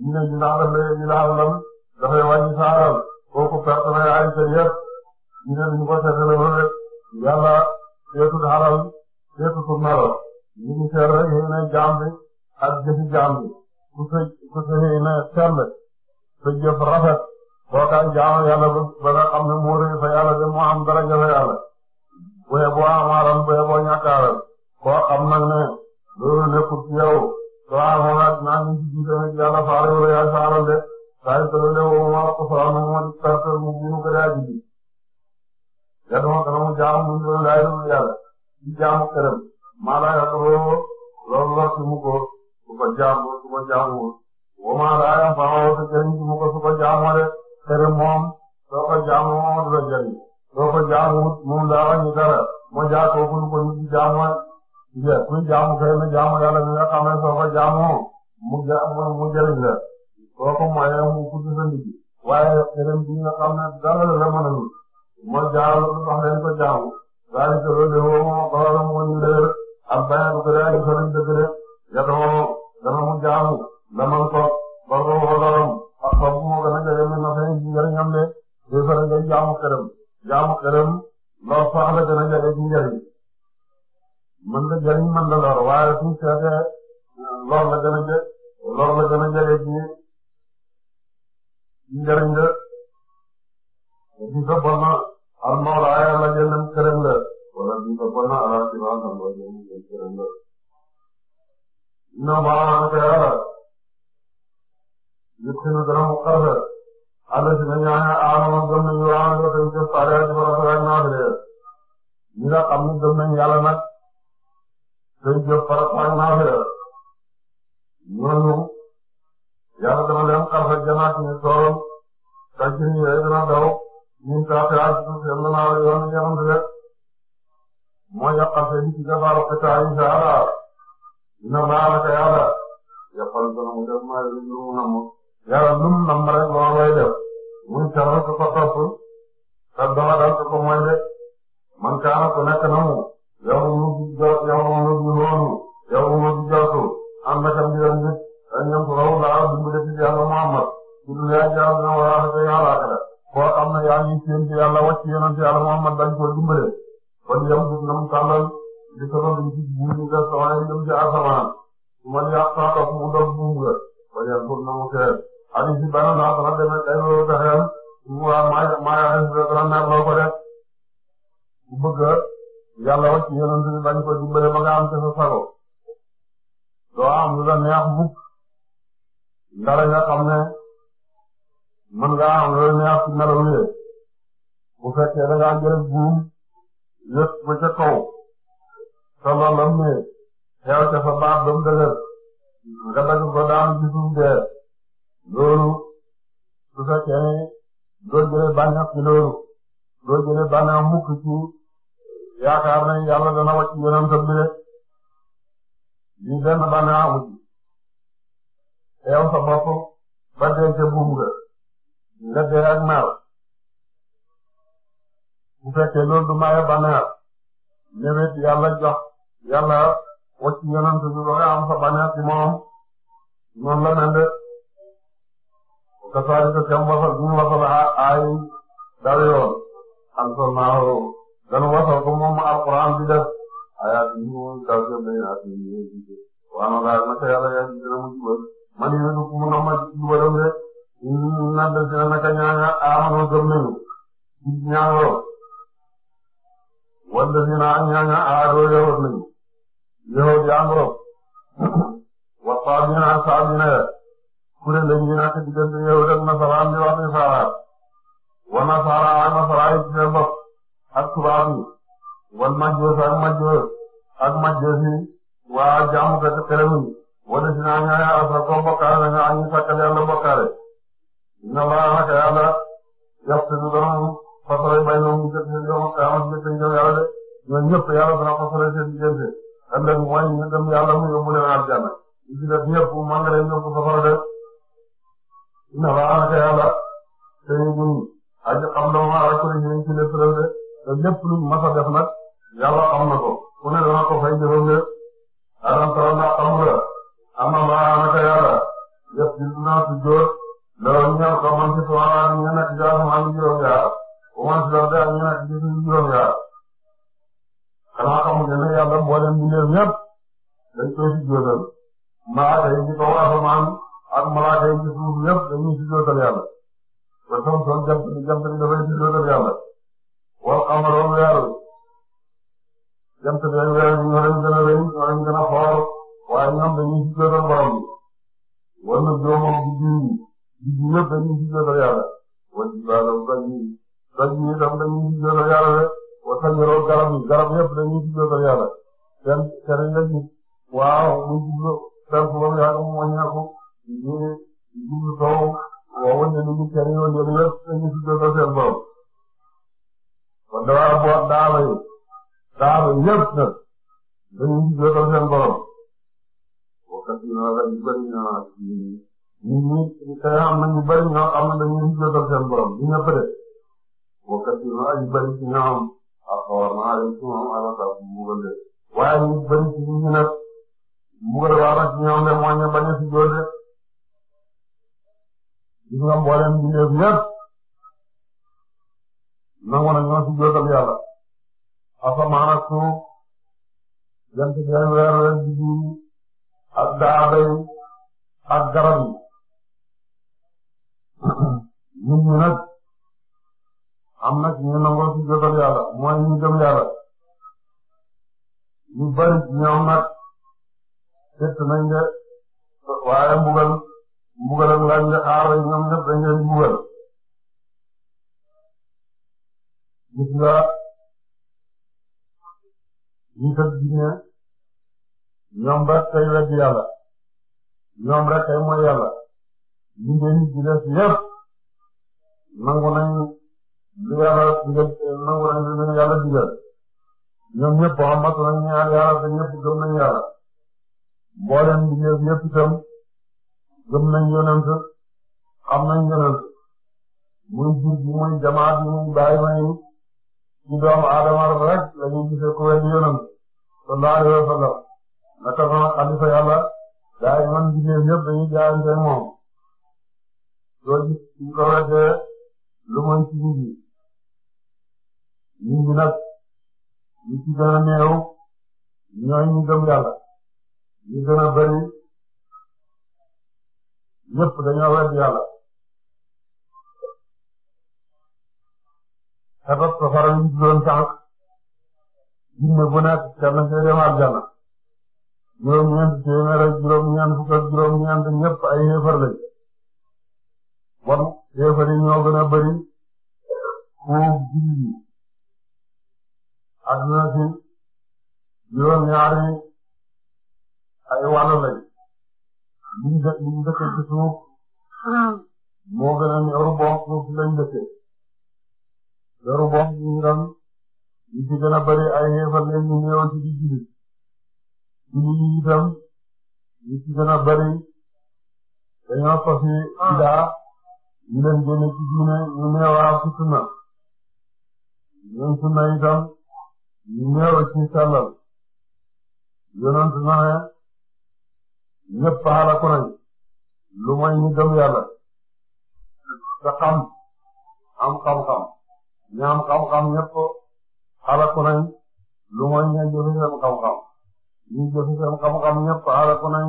ñu ne ñu naan la ñu naan la dafay wàññi sa alal kooku personnage ay sa yëpp ñu ne bu ñu ko seetee loolu rek yàlla seetul alal seetul melo. li ci seer rek xëy na jaam bi ku sa ku sa xëy na sell sa jëf rafet ba nga xam ne fa yàlla de moo am daraja fa yàlla bu yeboo amaaral bu yeboo ñàkkaaral koo xam nag ne loolu nekkul ci yow soo amoon ak naa ngi ci jiite nag yàlla faale wala yaay sa alal de saa yu tëdd de woo ma ko mu mu buñu ko daa ji bi mu jaamu mu ñu doon laay doon maanaam yaa ko loolu la su mu ko su ko jaamu su ko jaamuwul wa maanaam yaa ko waaw te jëriñ su mu ko su ko jaamoo de tere moom soo ko jaamu moom du la jëriñ soo ko jaamuwul moom daa wàññi dara moo jaatoo ko lu ko nit jaamu ja kuy jaamu kay na jaamu yàlla mi nga xam ne soo ko jaamoo mu ja mu jëriñ la soo ko moyee mu kutu sa nit waaye keneen bi nga xam ne dara la mën a nit moo jaamu lu tax leen ko jaamu daal di ko loolu de woo moo ko waral moo ñu leer ak bayal bu gëdaa yu soxla dëgg ya doon dana mu jaamu la man ko borom ko borom ak xaw ma gën a jëlee mën na jaamu xërëm jaamu xërëm la gën a jëlee ci njëriñ mën nga la lor waaye suñ la gën a jë lor la la di ko la. wala duñ ko boole ala si wàllu mboq yi ñu ngi leen di inna baaraan ak yàlla yëpp si nu dara mu xarale àll ci ne ñaaxee aadama gëm nañu waaw nga koy jëf saa yaa ci faral di laaj naa fi de ñi nga xam ne gëm nañu yàlla nag koy jëf faral di laaj naa fi de ñooñu yàlla dana leen xarale janaat ñu toolam kàcce ñu yooyu dana daw ñun saa fi àgg si seen gannaaw yoon bi nga xam ne de. mooy yàqal seen ci defaaru xetaay yi saara dina baaraka yàlla yàqal dana mu def may lu mu namm lu mu namm rek loolu lay def muy sharra ko ko topp te doxa dal ko ko mooy de man kaana ko nekk na mu yow mu jo mu ji loonu yow mu ji jortu ànd ak am diram nit ak ñam ko rawu laa dimbale ci yàlla Muhammad su dul yaa jaar na waraaka yàlla koo xam ne yaa ngi seen ci yàlla wàcc yonent wala yam bu nam tàllal li sabab yi ci buum nga soxla yi jëm ci asamaan wala yaa xaaral mu dog buum nga wala yam bu namu seer hadis bi bana naa dana demee ay loolu taxeem mu waa maay maay xëy dana mer loo ko def bu bëgg yàlla wacc yonent bi bañ ko dimbale ba nga am ca sa sago doo am lu la neex mukk dara nga xam ne mën nga am lu la neex ci melaw yee bu fekkee da ngaa jël buum yëpp ba ca kaw te loolu am ne xew ca fa baat ba mu dëgër nga dagg ko daanu ci suuf dee loolu su fekkee ne doo jëlee bànneex ci loolu doo jëlee bànneex mukk ci yaakaar nañ yàlla dana wàcc yeneen tam bi rek lii benn bànneex amu ci xew sa bopp ba dee ca buum nga nga dee ak naaw bu fekkee loolu du maye bànneex mébét yàlla jox yàlla wacc yonent bi ba nga am sa bànneex la mel de kasaalika kam wasal bi ay dara yoon anzalnaahu danu wasal ko moom alquran bi def ayaati yi moom tawke baynaati yi waana laa naka yàlla yaa ji dina mu jubal man yéen a dugg mu nama jubalam de inna ñu naan ñooñu aadoo yawut lañu yawut yangoo wa saabina saabina ya kuréel lañu ñu nekk diggante yawut ak nasaraan di wax nasaraan wa nasaraan ak nasaraan yi ci seen bopp ak tubaab yi wal majjoos ak majjoos ak majjoos yi waa jaamukat xerem yi wala si naa ñooñu asa ko bokkaale na ñoo ñu sakkal yàlla bokkaale inna laa naka yàlla yaxtu du doon fasal bay noonu jëkk ñu jëkk ñu yàlla de ñooñu ñëpp yàlla dana ko soxla seen diggante ëllëg mooy ñu gëm yàlla mu yóbbu leen aljanna ñu ci def ñëpp mën nga leen yóbbu safara de na la anaka yàlla te ñu ngi aji xam na ma rek ñu ngi ci lépp de te lépp lu mas a def nag yàlla xam na ko ku ne dana ko fay jëfam de alam tara na nga ama ma anaka yàlla yëpp di naa si jóor loolu ñaan ko maa ngi juróom-ñaar ku man ñu nekk ci xanaa xamu ngeen yàlla mboolem mbindeef ñëpp dañ koy si jootal malaaka yi ci kaw asamaan ak malaaka yi ci suuf ñëpp dañuy si jootal yàlla ba soom soom jant bi dafay si jootal yàlla wal xamaroon weer wi jant bi ak weer wi ñoo leen gën a rëy ñoo leen gën a xoor waaye ñoom dañuy si jootal borom bi wala joomam bi jiw bi jiw ñëpp dañuy si jootal yàlla wala jiw daal dañuy dañuy itam dañuy yàlla rek wasañoroo garab garab yëpp dañuy jublu yàlla seen seen la nit waaw muy jublu penku ba mu yàgg mu wàññeeku ñu jublu soow waaw wàññi nit ñi seen yoon yëpp yëpp dañuy jublu seen borom kon damaa boog daaba yi daaba yëpp nag dañuy jublu seen borom waxati naa la ñu bëri naa nit ñi tey am na ñu bëri ñoo am na dañuy jublu seen borom du ñëpp de waxati naa la ñu bëri ci ñoom waaw xaw ma naa leen si moom aywa taw waaye ñu bëri mu ngi doon wax ñoom de mooy ñu bañ a si jóor de gis nga mboolem mbindeef yëpp nangu na ñoo si jóotal yàlla asamaan ak suuf jant seen weer leen di ak daaba ak garab yi nit ñi am na ñu nangoo ci jotal yàlla mooy ñu gëm yàlla bari ñoom nag fett nañ de waaye mbugal mbugal ak lañ de xaar ñoom ñëpp dañ leen mbugal gis nga ñu tëdd diine ñoom rek kay wedd yàlla ñoom rek kay mooy yàlla ñu ngi nit di def yëpp nangu nañ li yàlla digal nangu nañu li ñu yàlla digal ñoom ñëpp xamatu nañu ñaan yàlla te ñëpp gëm nañu yàlla mboolem mbindeef yëpp itam gëm nañ yonent xam nañ yonent muy jur gi muy jamaat yi muy bàyyi may ci doomu aadama rek la ñuy gisee ku wér yonent sallallahu alayhi wa sallam naka noonu xalifa yàlla gaa yi man mbindeef yëpp dañuy jaayante moom doo ñu ko lu muy ci nit nit ñi nag ñi ci gën a néew ñooy ñi gëm yàlla ñi gën a bari ñëpp dañoo wedd yàlla sabab safara yi ñu doon sànq jinne bu nekk kenn see dem aljana juróom-ñeent téeméer ak juróom-ñeent fukk ak juróom-ñeent ñëpp ay xéefar lañ bon xéefar yi ñoo gën a bari foofu jullit yi adduna si juróom ñaari ay wàll lañ liñ dë liñ dëkke ci suuf moo gën a ñoru boox suuf lañ dëkke ñoru boox ñu doon li gën a bëri ay xeefar lañ ñu ñëw ci di julli julli yi itam li ci gën a bëri dañoo sosi bidaa ñu leen génne ci diine ñu neewaa ci sunna ñoom sunna itam ñëw ci sellal yonent na ne ñëpp halaku nañ lu moy ñi gëm yàlla te xam am am xam-xam ñëpp halaku nañ lu moy ñi jëfe seen xam-xam ñi jëfe seen xam-xam ñëpp halaku nañ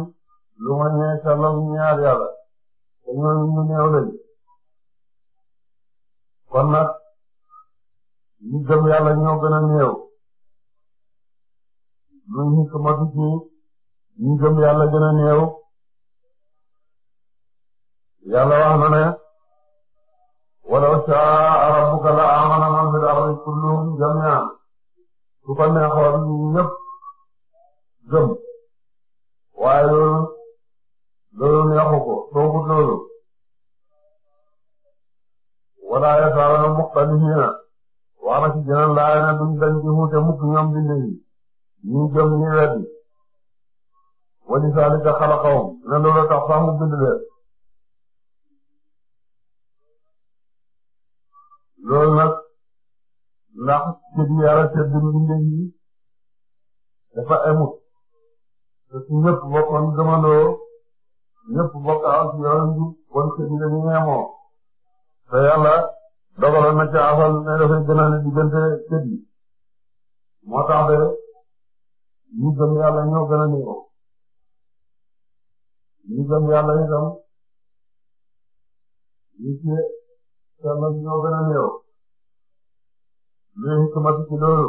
lu moy ñi sellal ñaar yàlla te ñooñu ñu néew lañ kon ñu ngi ci motu ci ñu gëm yàlla gën a néew yàlla wax na ne walaw la aamana man fil ardi kulluhum jamii'an su ko neexoon ñëpp gëm waaye loolu loolu neexu ko soobut loolu wala yasaaluna muxtalifiina wax ci jeneen laay ne duñ dañ ci xuute mukk ñi gëm ñi weddi wali zalika xalaqahum ne loolu tax sax mu bind leen loolu nag ndax sëñ yàlla sëñ bi mbindee yi dafa amut te su ñëpp bokkoon gëmandoo ñëpp bokk ak yoon bi kon sëñ bi dañuy ñeemoo te yàlla dogaloon na ca afal ne dafay gënal diggante sëñ yi moo tax de. ñi gëm yàlla ñoo gën a néew ñi gëm yàlla itam ñi ci sellal ñoo gën a néew luy hikmatu ci loolu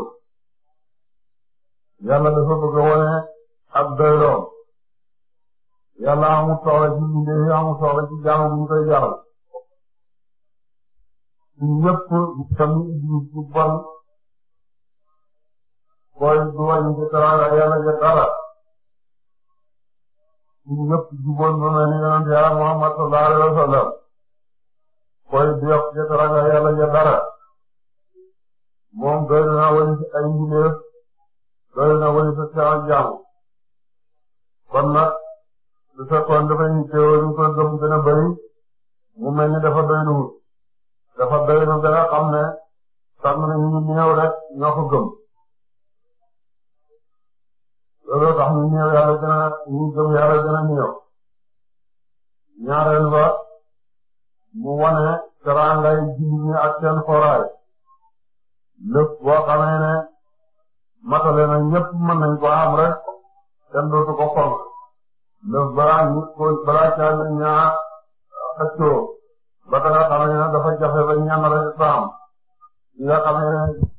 yàlla dafa bëgg a wone ak doyloom yàlla amul soxla ci mbindeef amul soxla ci jaamu bu ñu koy jaaral ñun ñëpp tamit ñu ci bon mooy du wàññi ci teraanga yàlla ngeen dara ñun ñëpp jubboon ñu ne ni yonent Yàlla Muhammad sallallahu alayhi wa sallam mooy du yokk ci teraanga yàlla ngeen dara moom na wëri ci ay mbindeef doy na wëri ci ak jàmm kon nag su fekkoon dafay teewoo ñu mu mel dafa doy dafa doy lu gën ne sàmm nañu ñu néew rek ko gëm. looloo tax ñu néew yàlla gën a ñu gëm yàlla gën a néew ñaareel ba mu wane teraangay jiw ñi ak seen foraay lépp boo xamee ne matale na ñëpp mën nañ ko am rek ko fonk lépp balaa ñu ko balaa caa ñu ñaa xëccoo ba ba ñan rek ko am nga xamee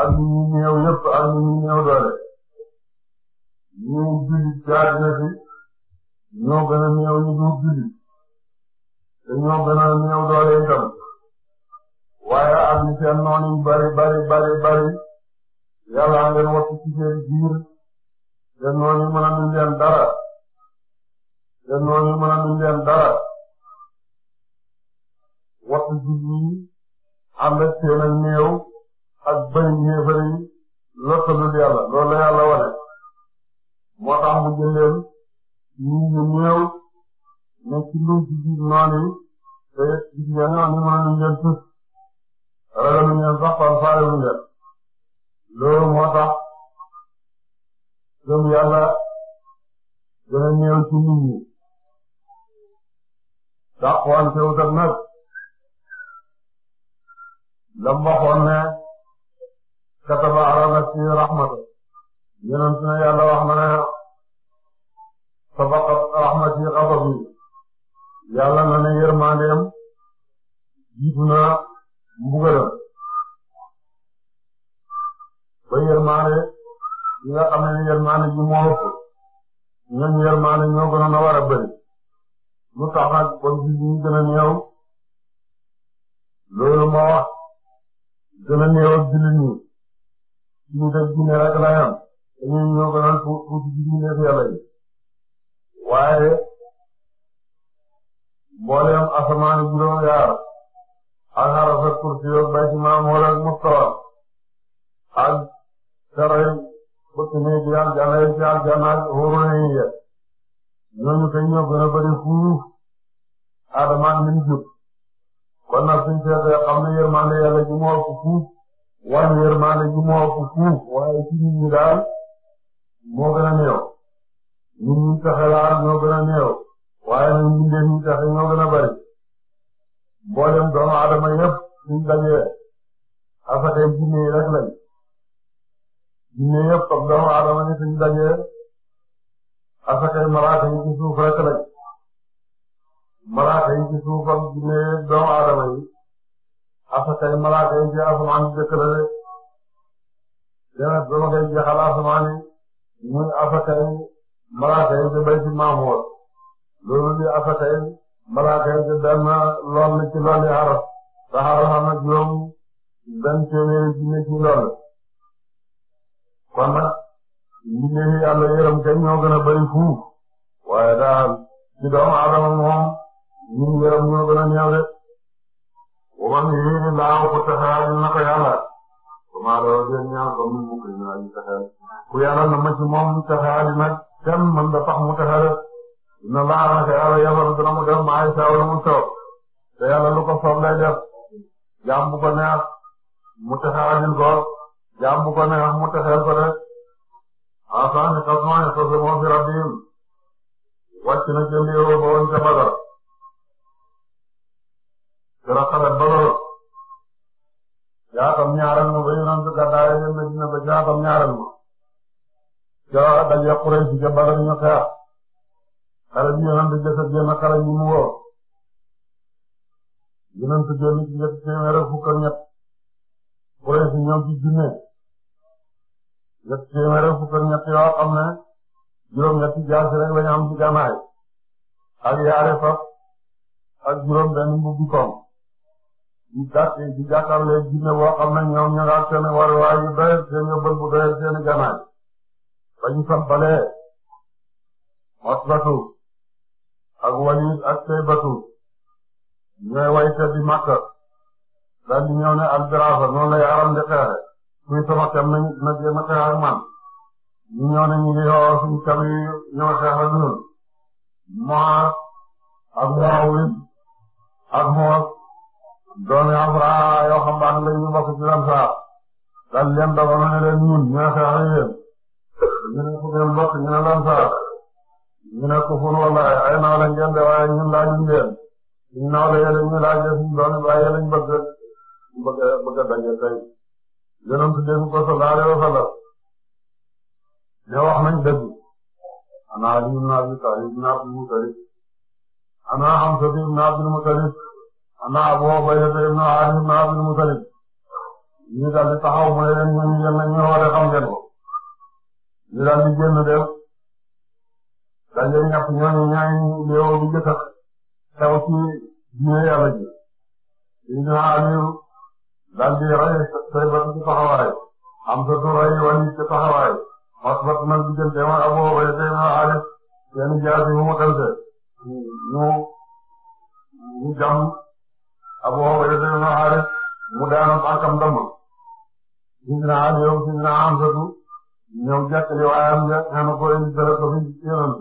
ak ñi ñuy néew yëpp ak ñi ñuy néew doole ñi jullit ci àddina si ñoo gën a néew doole itam waaye ak li seen bari bari bari bari yàlla ngeen wattu ci seen biir seen mën a duñ leen dara seen mën a duñ leen dara wattu jullit yi seen ak néew ak bëri ñeefere yi lottalul yàlla loolu la yàlla wane moo tax mu jëndeel ñun ñu néew ne ci lu ci biir noonu yi te gis nga ne ñu mën nañu leen tuut ragaluñ leen sax kon faaluñ leen loolu moo tax gëm yàlla gën a néew ci nit ñi dàqwante wu nag la mu waxoon ne. kataba ala nafsihi rahmata yonent na yàlla wax na ne sabaqat rahmati ghadabi yàlla na ne yërmandeem jiitu na mbugalam ba yërmande yi nga xam ne yërmande ji moo ëpp ñoom yërmande ñoo gënoon a war a bëri lu tax nag kon ji ñu gën a néew loolu moo wax gën a néew ak jullit ñi ñu def diine rek la ñu am dañuy ñëw ba naan fi yàlla yi waaye mboolem asamaan juróom-ñaar ak xaraf ak kursi ak bayt maam wala ak mustawa ak saray ba tamit di aljanna yi ci aljanna ak wóorul yi ñooñu kay ñoo gën a bëri fuuf Adama ak li mu jub kon nag suñu seetee xam ne yërmande yàlla ji moo ëpp fuuf wane yërmande ji moo ëpp fuuf waaye ci nit ñi daal moo gën a néew nit ñi taxe laal ñoo gën a néew waaye nit ñi leen ñi taxe ñoo gën a bari mboolem doomu adama yëpp suñ dajee asakay jinne yi rek lañ jinne yëpp ak doomu adama yi suñ dajee asakay malaaka yi ci suuf rek lañ malaaka yi ci suuf ak jinne doomu adama yi afakay malaaka yi ci asamaan si dëkk la de deret ba ma koy jeexal asamaan yi muy afakay malaaka yi ci bay ci maamoor loolu di afakay malaaka yi ci benn lool ci lool yi xaraf te xaraf am na juróom benn téeméeri junni ci lool daal ci doomu aadama moom ñu yërëm ñoo gën a waman yéene laaw ko taxawaay na ko yàlla comment loolu ngeen ñaan ba mu mukk ñu naan ñu ku yàlla na ma ci moom taxawaay bi nag kenn da tax mu taxawaay dina laaw ak yàlla yàlla dina mu def maa ngi saa wala mu lu ko soob lay def mu taxawaayul ko jaam bu ko mu taxawal ko rek ah saa ni xas maa ngi sos moom si rabbiim wàcc na dara xalaat ba lool jaatam ñaaral ma ba yonent gàddaay dem Medina ba jaatam ñaaral ma ca daje Quraysh ca Badar ñu xeex xare bi yonent jëkkër génn xare bi mu woo yonent génn ci ñetti téeméer ak fukk ak ñett Quraysh ñëw ci junne ñetti téeméer ak fukk ak ñett yoo xam ne juróom ñetti jaasi rek lañu am ci gànnaay ak yaare faf ak juróom benn mbubbi koom di gàtt di jàkkaarloo jinne boo xam ne nga seen waruwaay yu doy seen yóbbal bu doy seen ganaay ba ñu sampalee Utbatu ak Waliid ak ñooy wayte Makka daal di ñëw ne albiraasa noonu lay aram di xeexe kuy sama a xeex ak man ñu ñëw ñu ngi yoo suñu kem yi ñëw xeex ak ñun moo ak Moos doomi Amra yoo xam baax lañu bokk ci Ansaar dal leen dogaloon ne leen ñun ñu ne xeex ak yéen ñu ne fu ngeen bokk ñu ne Ansaar ñu ne kufur wala ay naaw la ngeen de waaye ñun laajuñ leen suñu naaw la yéen ñu laaj suñu doomi baay yéen lañ bëgg bëgg bëgg a daje tey yonent dégg ko sallallahu alayhi wa sallam ne wax nañ dëgg ana Ali ibn Abi Talib ibn Abdul Muttalib ana Hamza ibn Abdul Muttalib ana Abu Ubayda ibn Amr ibn Abdul Muttalib ñu daal di taxaw mu ne leen ñun yéen a ñu war a xam ngeen ko ñu daal di génn dem daje ñàkk ñooñu ñaañu léewoo bi jëkk a xew ci diine yàlla ji. Ibn Amir daal di rey Shayba ci taxawaay Hamza du rey Walid ci taxawaay Utba nag diggante mooy Abu Ubayda ibn Amr seen jaasi mu mu xel ñu ñu jam Abu Ubayda ibn Harith mu daanu tànkam damm gis naa ñoom gis naa am dëgg ñoom jàkkale waayam ja nee na ko indi ko fi yonent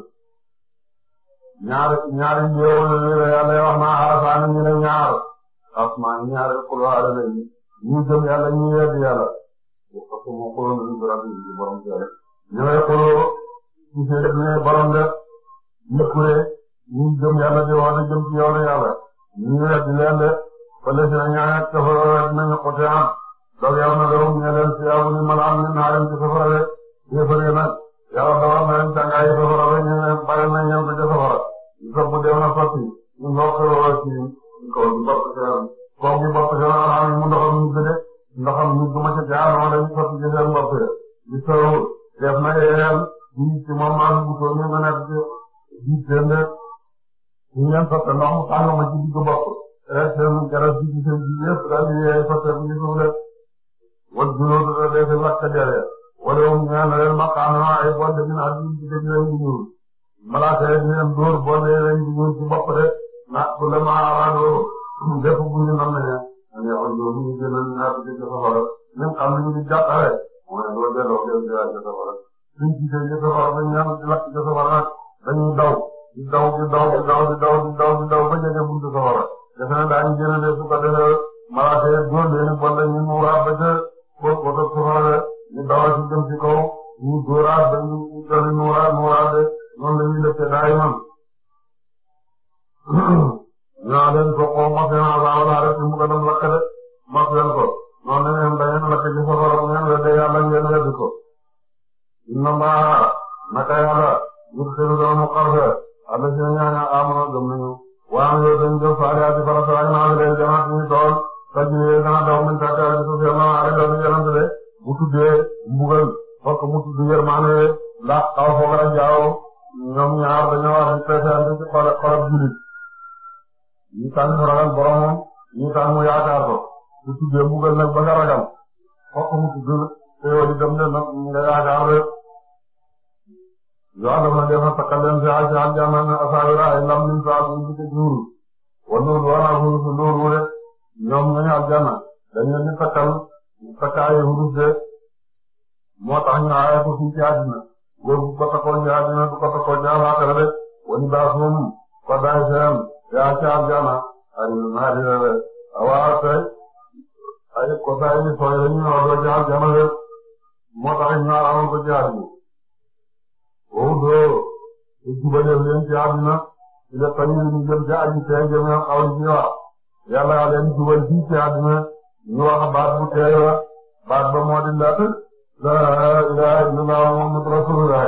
ñaari ñaari jéego la ñu ne yàlla wax naa xarafaani ñu ne ñaar asmaa ñaari xulwaale lañ ñu gëm yàlla ñu yedd yàlla parce que mu xooloon nañu borom kër ñu ngi xooloo ci seen biir borom de ñu kuree ñu gëm yàlla di wax ne jëm ci yoonu yàlla ñu yedd leen wala si la ñu naan ak safara dinañu xute am donc yow na loolu ñu ne leen si yow ni ma la am ñu naa leen ci safara de yéefare nag yàlla dogal na leen tàngaay yi safara ba ñu ne bare na ñëw ko ca safara sax bu dee na sotti ñu ndox xewoo ci kaw bi bopp seen kaw bi bopp seen alxam yi mu ndoxam ñu gëde ndoxam ñu duma ca jaar noonu dañu sotti ci seen bopp ya di sow def na yéen ñi ci moom maa bu ko ñu mën a di seen de ñu leen sotti ndox mu tàng ma ci digg bopp seen garab gi ci seen ji yëpp daal di yee soppeeku ci suuf rek wal junuudu da dee seen lakk dere wala um ñaan na leen maqaama ay bolle min adin ci dëj lañ di ñuul malaaka yi di leen dóor bolle lañ di ñuul ci bopp rek na ku la ma araadoo def bu ñu nam ne ne on do ñu gën a ñaar ci safara ñun xam nañu di jàppale mooy doo delloo dem ci safara suñ ci ci safara dañ ñaan ci lakk ci safara dañuy daw di daw di daw di daw di daw di daw di daw ba jege buntu safara defe naa daañu jënd su ko defee malaaka yi góor leen bon la ñu mu raab ba ca koo ko toog suxaale ñu dawal ci jëm ci kaw ñu dóoraat ba ñu jënd ñu raab mu raab de noonu la ñuy def ca daay man. ñoo leen ko ko mos leen a laaw laa def ci mu ko dem lakk de mos leen ko noonu la ngeen da ngeen lakk ci safara ngeen wedde yàlla ngeen weddi ko. inna mbaa naka yàlla ñu seen doonu xarfe alasi ñaaña amoon gëm nañu waaw yow dañu jëf faale ati farat waaye leen jëmaat ñu tool taj bi yéen a daw man càkk ak suuf yàlla maa ngi leen di mbugal fokk mu tudd yërmande ndax xaw foog rek jaaw ñoom ñaar dañoo war di préféré ci xol xolab jullit ñu tànn mu ragal boromam ñu tànn mbugal nag ba nga ragal fokk mu tudd te yow di dem nga yaakaar Yawalama nag dafa takkal leen si ay si aljanna ne asaawira ay lam min saa bu ñu ci nuuru nuuru rek ñoom ñooy aljanna dañu leen di takkal takkaay wurus de moo tax ñu aaye ko fii ci àddina góor bu ko takkoo ci àddina bu ko takkoo ci àllaaxira rek wala baasum ko daay seen ko daay ni sooy dañuy wax ci aljanna rek moo tax ko ci a jubaleef leen ci àdduna ci la fayu jëm ci aji tey jëm na xaw ci wax yàlla leen jubal fii ci àdduna ñu wax baat bu tey la baat ba moo di la ilaha illallah muhammadu rasulullah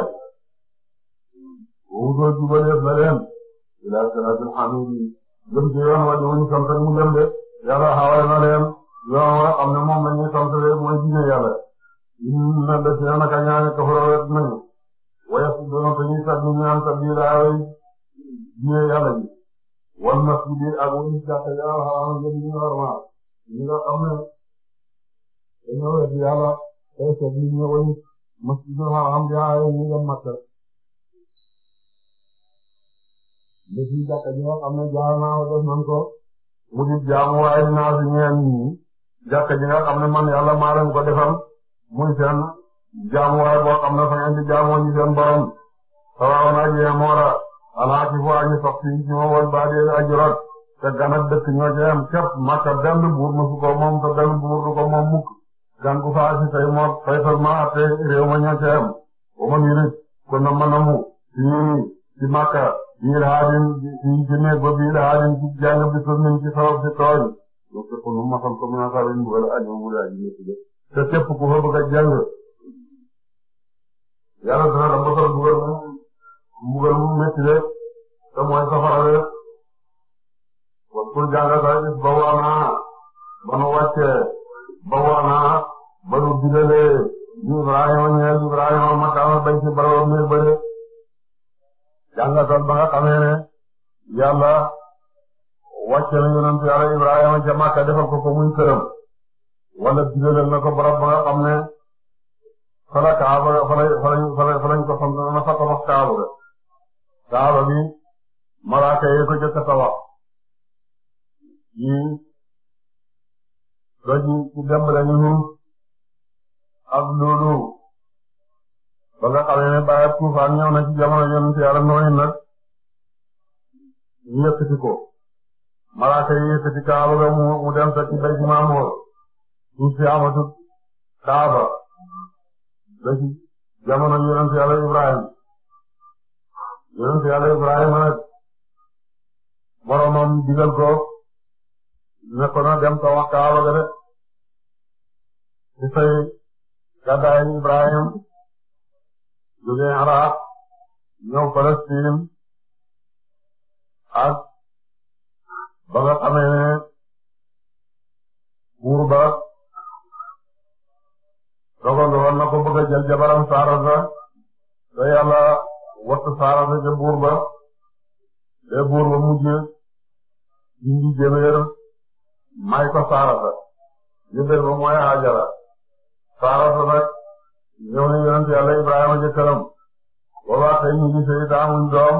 wowutoo jubaleef na leen ila siraatil hamiid jëm ci yoon wa di wuñ sant mu jëm de yàlla xawal na leen yoon wa xam ne moom la ñuy sant de mooy diine yàlla inna desee naka ñaari kafaroo rek woyat si doon te ñuy sànni ñu naan sànniilaayu diine yàlla ji. wal masjidi ak wàllu jàkka yàlla ah, xaram ah, ah, ngeen ñu normal ñu nga xam ne dañoo wet yàlla tey sëñ bi ñu wëy masjidi xaram jaay ñu dem Makka. mais si jàkka ji nga xam ne jaay naa ko def nañ ko mu di jaamu waaye naa si ñeent ñi jàkka ji nga xam ne man yàlla maa leen ko defal muy seen. jaamuwaay boo xam ne fa ngeen di jaamoo ñu seen borom sawaw na ak yéen moo la alaaki foo añu sox si ci moom wal baadi ak rot te gan ak dëkk ñoo ci am képp makka benn buur mosu ko moom te benn buur du ko moom mukk gan gu faa si tey moo fay seulement atte réew ma ñoo ci wa si tooñ donc kon masal ko mu nasareen bu wala añoo mu la aji te képp yàlla dina la mosal mbugal mu mbugal mu métti rek te mooy safara rek wax pour jàngataa gis ba waanaa ba nu wàccee ba waanaa ba nu digalee Ibrahima ñeel Ibrahima makaama bay ci barabam ne bëre jàngatal ba nga xamee ne yàlla wàcce na yonent yàlla Ibrahima ca Makka defal ko ko muy këram wala digalal na ko barab ba nga xam ne. fa la Kaaba fa la fa lañ fa la fa lañ ko sant na fa tabax Kaaba ga Kaaba bi malaaka yee ko jëkk a tabax ñii doj ci demb lañu ñu ak loolu ba nga xamee ne bàyyi tuufaan ñëw na ci jamono yonent Yàlla nooyin nag ñu yëkkati ko malaaka yi yëkkati Kaaba ga mu mu dem sa ci bay ci maamoor suuf si amatut Kaaba ba ci jamono yonent yàlla Ibrahima yonent yàlla Ibrahima nag boromam digal ko ne ko na dem ta wax Kaaba ga de ci say gàddaay Ibrahima jógee Iraq ñëw Palestine ak ba nga xamee ne buur ba dogaloon na ko bëgg a jël jabaram Saarata te yàlla wattu Saarata ca buur ba te buur ba mujj indi jëmeer may ko Saarata jëmeer ba mooy Haajara Saarata nag ñëw na yonent yàlla Ibrahima jëkkëram boobaa tey ñu ngi sey daamuñ doom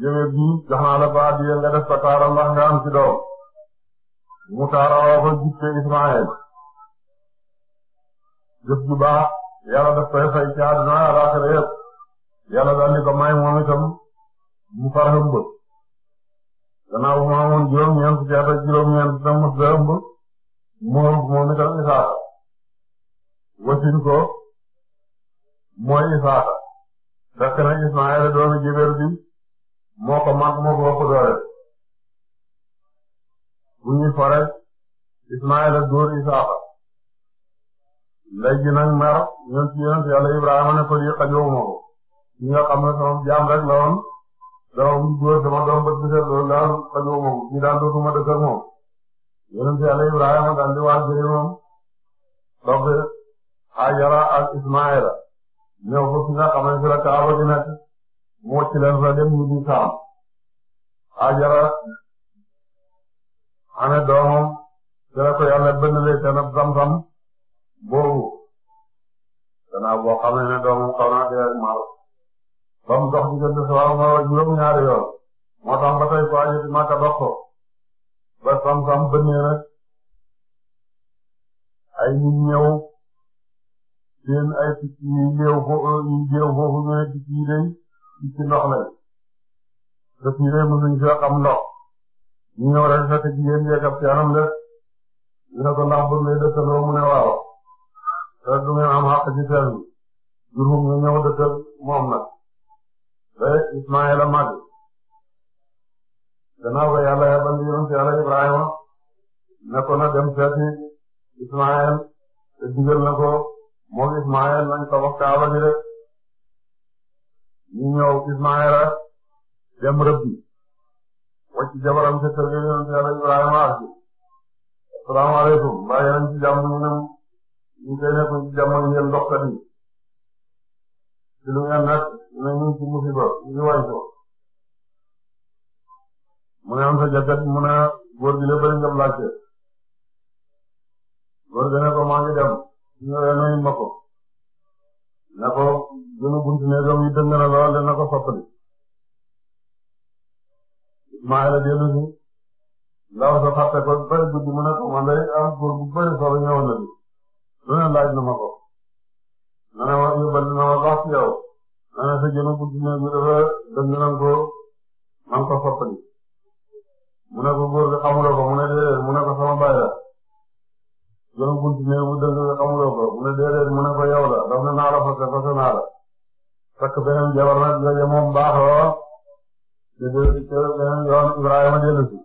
jëmeer bi jox naa la ba diye nga def ko taara ndax nga am ci doom mu taara woo ko jib te Ismaël jëf ju baax yàlla daf koy fay ci àdduna àllaaxira yëpp yàlla daal di ko may moom itam mu far ëmb gannaaw bu ma amoon juróom-ñeent fukki at ak juróom-ñeent itam mos nga ëmb mu ëmb moom itam Isaaxa wasin ko mooy Isaaxa léegi nag mer ñëw ci yonent yàlla Ibrahima ne ko lii xajowuma ko ñi nga xam ne rek la doom bu góor sama doom bët bu set loolu daal xajowuma ko fii daal dootuma dëkk ak moom yonent ane doomam dina ko yàlla bënn leen seen ab zam boobu gannaaw boo xamee ne doomu xaw naa dee ak mar ba mu dox diggante Sawara Marwa juróom-ñaari yoon moo tax ba tey ko aje ci Makka dox ko ba Samsam bënnee nag ay nit ñëw seen ay picc yi léew foofu euh, ñu jéew foofu ñu ne picc yi day picc ndox lañ te fii day mësuñ fi xam ndox ñu ñëw rek fekk jigéen jeeg ab ci anam def ñu ne ko ndax bëgg lay dëkkaloo mu ne waaw te du ngeen am xaq ci seen jurhum nga ñëw dëkkal moom nag ba Ismaayila mag gannaaw ba yàlla yabal yonent yàlla Ibrahima ne ko na dem seeti Ismaayil te digal na ko moom Ismaayil nañ tabax Kaaba gi rek ñu ñëw Ismaayila dem rëbbi wàcc jabaram ca kër ga yonent yàlla Ibrahima ak asalaamaaleykum mbaa yéen a ngi ci jàmm ñu ne ñu génne ko ci jamono ngeen dox ko nii ci lu ngeen nag ne ñu ci musiba ñu wañ ko mu ne am sa jagat mu ne góor gi la bëri nga laajte góor gi ne ko maa ngi dem ñu ne nooyin ma ko ne ko gënu buntu ne doom yi dëng na lool dana ko soppali Ismaayla dellu si ndaw sa fàtte ko bëri guddi mu ne ko man day am góor bu bëri solo ñëwoon na bi lu ne laaj na ma ko na ne ma yóbbal na ma baax ci yow na ne sa jëma bu ginne bi dafa dëng nan ko man ko soppali mu ne ko góor gi xamuloo ko mu ne déedéet mu ne ko sama baay la jëma bu ginne bu dëng bi xamuloo ko mu ne déedéet mu ne ko yow la daf ne naa la fase fase naa la takk beneen jabar nag yooyu moom baaxoo te déedéet te beneen yoon Ibrahima dellusi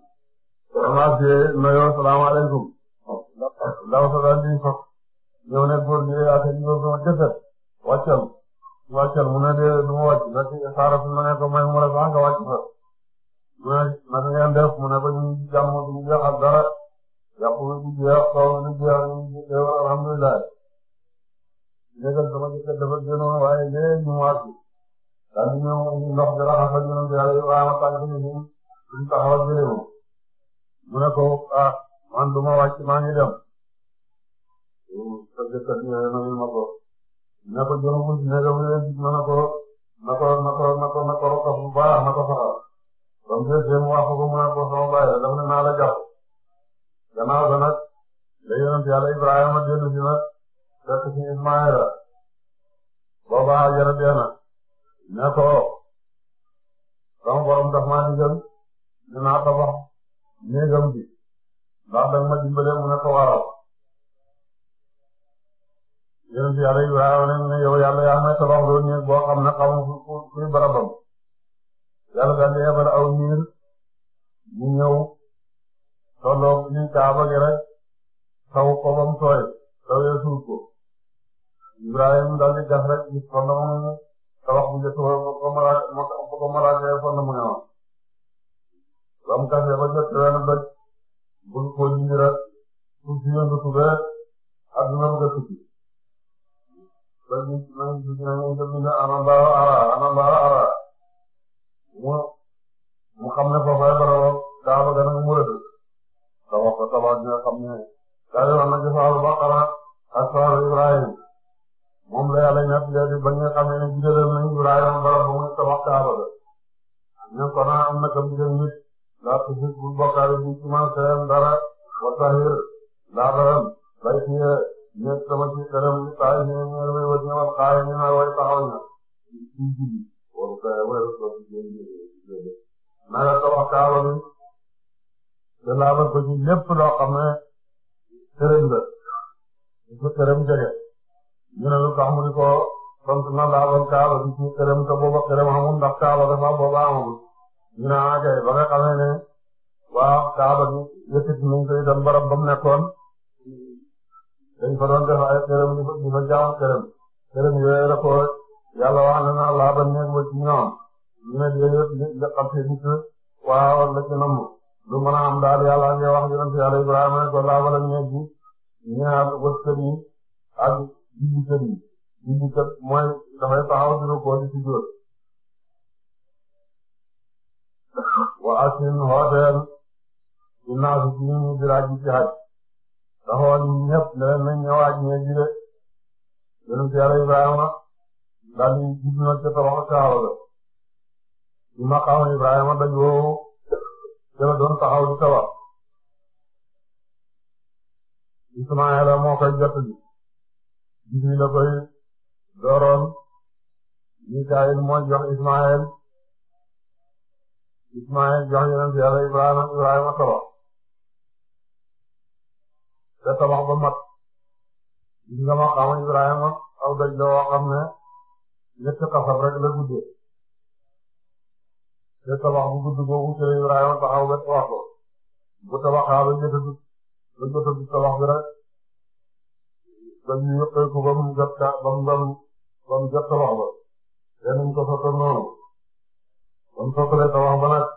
sama fee noyoo salaamaaleykum ndaw sa daal di sox ñëw ne góor gi yaa ngi ko góor gi defet wàccal wàccal mu ne de du ma wàcc nag saara fi mu ne ko may mu ne sax nga wàcc fa mu ne naka ngeen def mu ne ko ñu jàmm duñu jeex ak dara yàqu bi du jeex taw bi du jeex ñu ngi teewal alhamdulilah léegi sama jëkkër dafa génnoon waaye léegi mu wàcc daal di ñëw ndox bi raxasal ñu ne bi yàlla Ibrahima tànk ñu ñu taxawal jëlee mu ne ko ah man du ma wàcc maa ngi dem. sa jëkkër ñëwee na mu ma ko ne ko jëloon ne ko ma na ko na ko na ko na ko na ko rokkab bu baax na ko saxal comme que jéem wax ko mu ne ko sama baay la dafa ne naa la jàpp gannaaw ga nag la yonent Yàlla Ibrahima dellu si nag fekk si Ismaayila booba Hajara dee na ne ko sama borom daf maa digal dinaa tabax néegam bi ndax danga ma dimbale mu ne ko waral yonent yàlla Ibrahima ne ne yow yàlla yaa may tabax loo néeg boo xam ne xamu fu fuy barabam yàlla daal di yebal aw niir ñu ñëw tolloog ni kaaba gi rek taw ko bam tooy tawee suuf ko Ibrahima daal di gas rek gis fondement mu tabax bu njëkk ba ba ko maraak ba ko maraakee fondement mu ñëwaat ba mu gasee ba jot benn bët bu ko jindi rek suuf si yëngatu ba adduna bëgg a tukki mu mu xam ne foofay barabam daa ba gën a mu rëdd tabax ko tabax dina xam ne daa yoon nag ci saalu Baqara ak saalu Ibrahim moom la yàlla ñett léegi ba nga xam ne jigéen nañu Ibrahima barab ba muy tabax Kaaba ga ñu ko naan am na kam jigéen nit laa tushrik bil bokkaale bi ci man seen dara wa tahir laa baram bay ñëpp sama ci kanam ñu taay ñu ne ñoom ñooy wër ñëwal xaar ñu ne way taxaw ña ci julli wala kay wala ko ci jënd na nga tabax kaaba bi te laabal ko ci lépp loo xam ne tërëm la dafa tërëm jege ñu ne lu tax mu di ko sant na laabal kaaba bi ci tërëm te booba tërëm amul ndax kaaba dafa booba amul ñu ne ah kay ba nga xamee ne waaw kaaba bi yëkkati nañ koy dem barab ba mu nekkoon. dañ fa doon def ay xërëm di fa di fa jaamu xërëm xërëm yooyu la ko yàlla wax na naa laa ba nekk ba ci ñoom ñu ne déedéet li nga xam te nit waa war la ci namm lu mën a am daal yàlla nga wax yonent yàlla Ibrahima ne ko laa ba la nekk ñaar wëskër yi ak jubbu kër yi jubbu kër mooy dafay taxaw si ko di si jóor wa asin hotel dinaa si ci ñu di laaj ci haj taxawal ñëpp ne leen nañ ñëwaat ñee ji de yonent Yàlla Ibrahima daal di jublu nag ca tabax Kaaba ga ci maqaama Ibrahima daj woowu ca la doon taxaw di tabax moo koy jot ji Jibril la koy dooroon Mikaayil moo jox Ismaayil Ismaayil jox yonent Yàlla Ibrahima Ibrahima tabax te tabax ba mat gis nga maqaama Ibrahima aw doj la woo xam ne ñetti rek la guddee te tabax bu gudd boobu ci Ibrahima taxaw ba tabax ko bu tabaxaa tabax bi rek dañuy yëqeeku ba mu jot ka ba mu ba mu jot tabax ba te tabax ba nag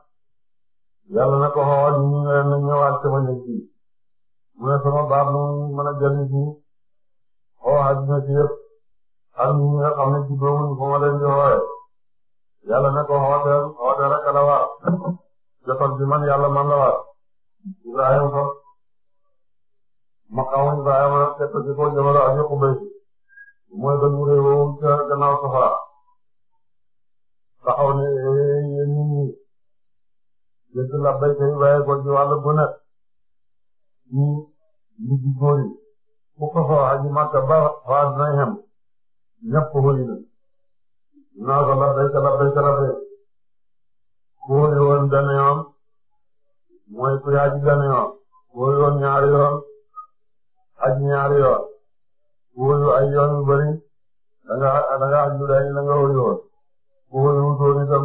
yàlla na ko xaw a ñu ñëwaat sama ñëw fii. mu ne sama baab moom mën a jëriñ ci xoo àdduna si yëpp ak ñi nga xam ne ci doomuñ ko ma leen di xooye yàlla ne ko xooteel xooteel rek la war jotal bi man yàlla man la war Ibrahima ko maqaamu Ibrahima rek teg ko ci kaw jamono ak yëpp béy mooy ba ñu réew moom ca gannaaw safara taxaw ne eh, yéen nit ñi dégg la béykat yi waaye góor gi wàllu bu nekk ñuy liggi góor yi ku ko fa aji Makka ba fa aduna yem ñëpp wëri na naa ko labbayka labbayka labbayk ku wëri woon benn yoon mooy ku aji benn yoon ku wëri woon ñaari yoon aji ñaari yoon ku wëri ay yoon yu bëri da nga da nga aji lu day la nga wëri woon ku wëri wutoon itam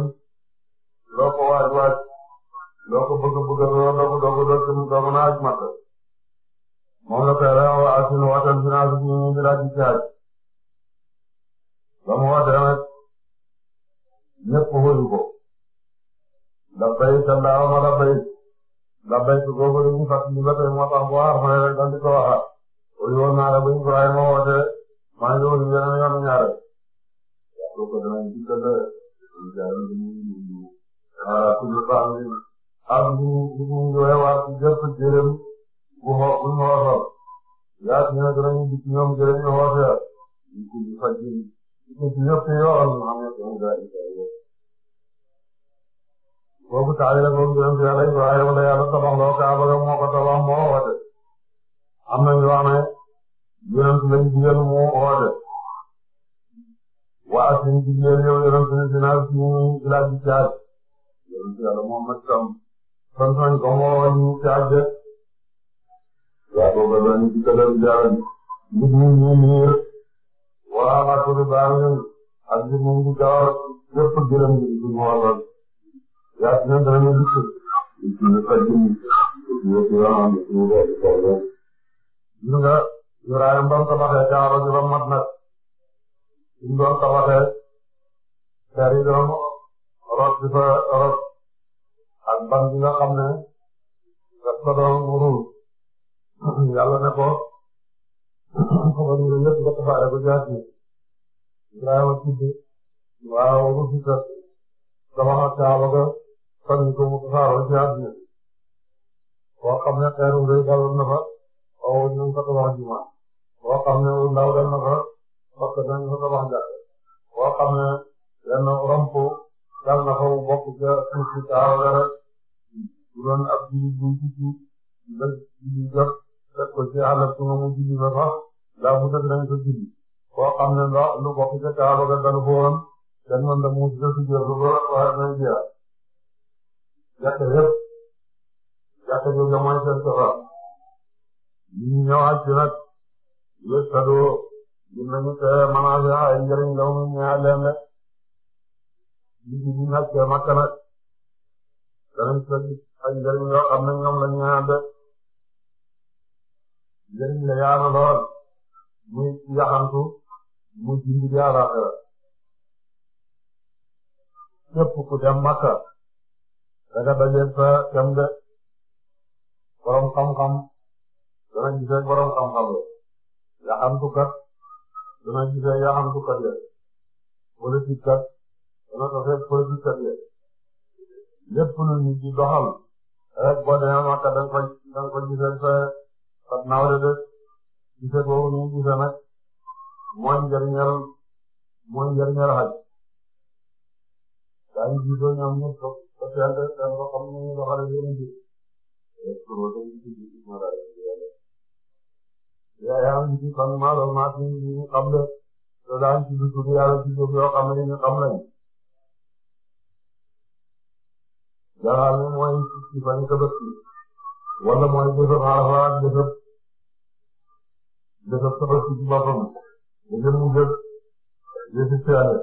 loo ko waaj waaj loo ko bëgg bëgg loo doog doog doog doog naa aji Makka moom la koy waxee waa Asile waxtaan si naa si suñu ñu ngi laaj di caaj ba mu woote rek ñëpp wuyu ko labbayk allahumma labbayk labbayk googu li ñu fàttali ba tey moo tax bu waar mooy rek daal di ko waxaat wuyu woon naa la ba Ibrahima woote maa ngi wuyu yéen a yoonu ñaare. ko danañ ci tëddee ñu jaay ñu ñu ñu. voilà toujours baax nañu. am ñu ñu ñu ñu ñu ñu ñu ñu ñu ñu ñu ñu bu xoo bu ñu xooxoon yaa ngi nekk danañu dikk ñoom jërëjëf woote di faj nit ñëpp yoon Muhammad boobu taali la boobu yonent Yàlla Ibrahima la Yàlla tabax loo Kaaba ga moo ko tabax moo woote am nañu wax ne yonent lañ digal mu woote waa suñ digal yow yonent ni dina suñu village bi caaj yonent Yàlla Muhammad tam santoñ ko moo woon ñu caaj yaatu ba doon ci këlëb jaran njub mu ñu niir waa xaturu baamin ak njub mu ngi gawar yëpp gërëm ngi ci mu waral yaatu na dara na dikk ci ñu fa jëm ci ñu ci yoon am ci ñu ko ci ko leen ñu nga Ibrahim bam tabaxee kaaro ji ba mat nag ñu doon tabaxee dari doon rot di fa rot ak ban bi nga xam ne daf ko doon ruus yàlla ne ko xoolal ñu ne ñëpp nga tafaare ba jaar bi Ibrahima tudd waaw ba si sa dama xam Kaaba ga fan ko mu tafaare ba jaar bi boo xam ne xeeru mbay daloon na fa waaw ñu ngi ko tabax jumaa boo xam ne ndaw dal na fa parce que dañ ko tabax jàkk boo xam ne yenn rompo dal na fa bu bokk ca suuf si Kaaba ga rek du doon ab jiwu jiwu jiwu ba jiwu jot. teg ko ci àll su ma mu julli ba sax laa mu tëgg nañ ko julli koo xam ne ndax lu bokk ca Kaaba ga dalu ko woon kenn mën na mu jël si jël lu ko waxee nañ jeex jàkka yëpp jàkka jooju mooy seen soxla ñu ñëwaat ci nag yëpp kadoo dinañu ko mën a jox ay njëriñ la mu ñëwaat leen rek liggéey bi nag ca Makka nag danañ ko gis ay njëriñ yoo xam ne ñoom la ñu ñëwaat njëriñ la yaatu lool muy yaxantu muy jindi bi àllaxira képp ku dem Makka daga dajeeg sa tem de borom xam-xam dana gisee borom xam-xam la yaxantukat dana gisee yaxantukat ya politique kat dana tasee politique kat ya lépp lu ñu ci doxal rek boo demee Makka danga ko danga ko gisee sa ak nawle def gisee boobu nu mu gisee nag mooy njëriñal mooy njëriñal haj daañu gisee ñoom ñëpp soo ko seen bopp xam nañu doxale seen ji eh, yaa ngi ci kon maa doon maa ci ñu xam de te daañu ci dugg bi yàlla wala mooy bésëb Arafat bésëb bésëb Tabaski ci boppam bésëb Muzdalifa bésëb Suwaare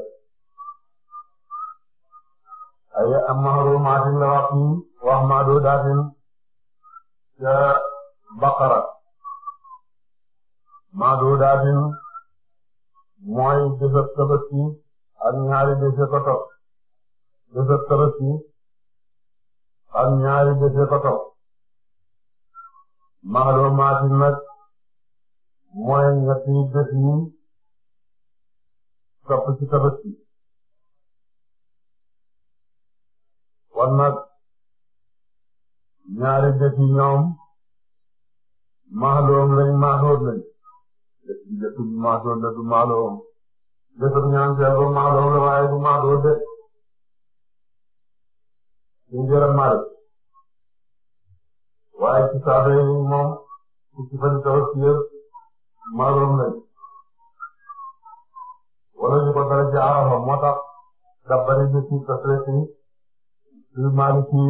ay am mahrumaatin la wax fii wax maadudaatin ca Baqara maadudaatin mooy bésëb Tabaski ak ñaari bés ko topp bésëb Tabaski ak ñaari bés ko topp Mahadou Maatin nag mooy ñetti bés yi topp ci tabaski kon nag ñaari bés yi ñoom Mahadoum lañ Mahadoum lañ bés bi bés bu Mahadoum la du Mahadoum bés bu ñaan seer bu Mahadoum la waaye du Mahadoum de suñ jërëm mari waaye ci saako yi moom ku ci fan tax dabbari bi ci tasrif ci ci Maliki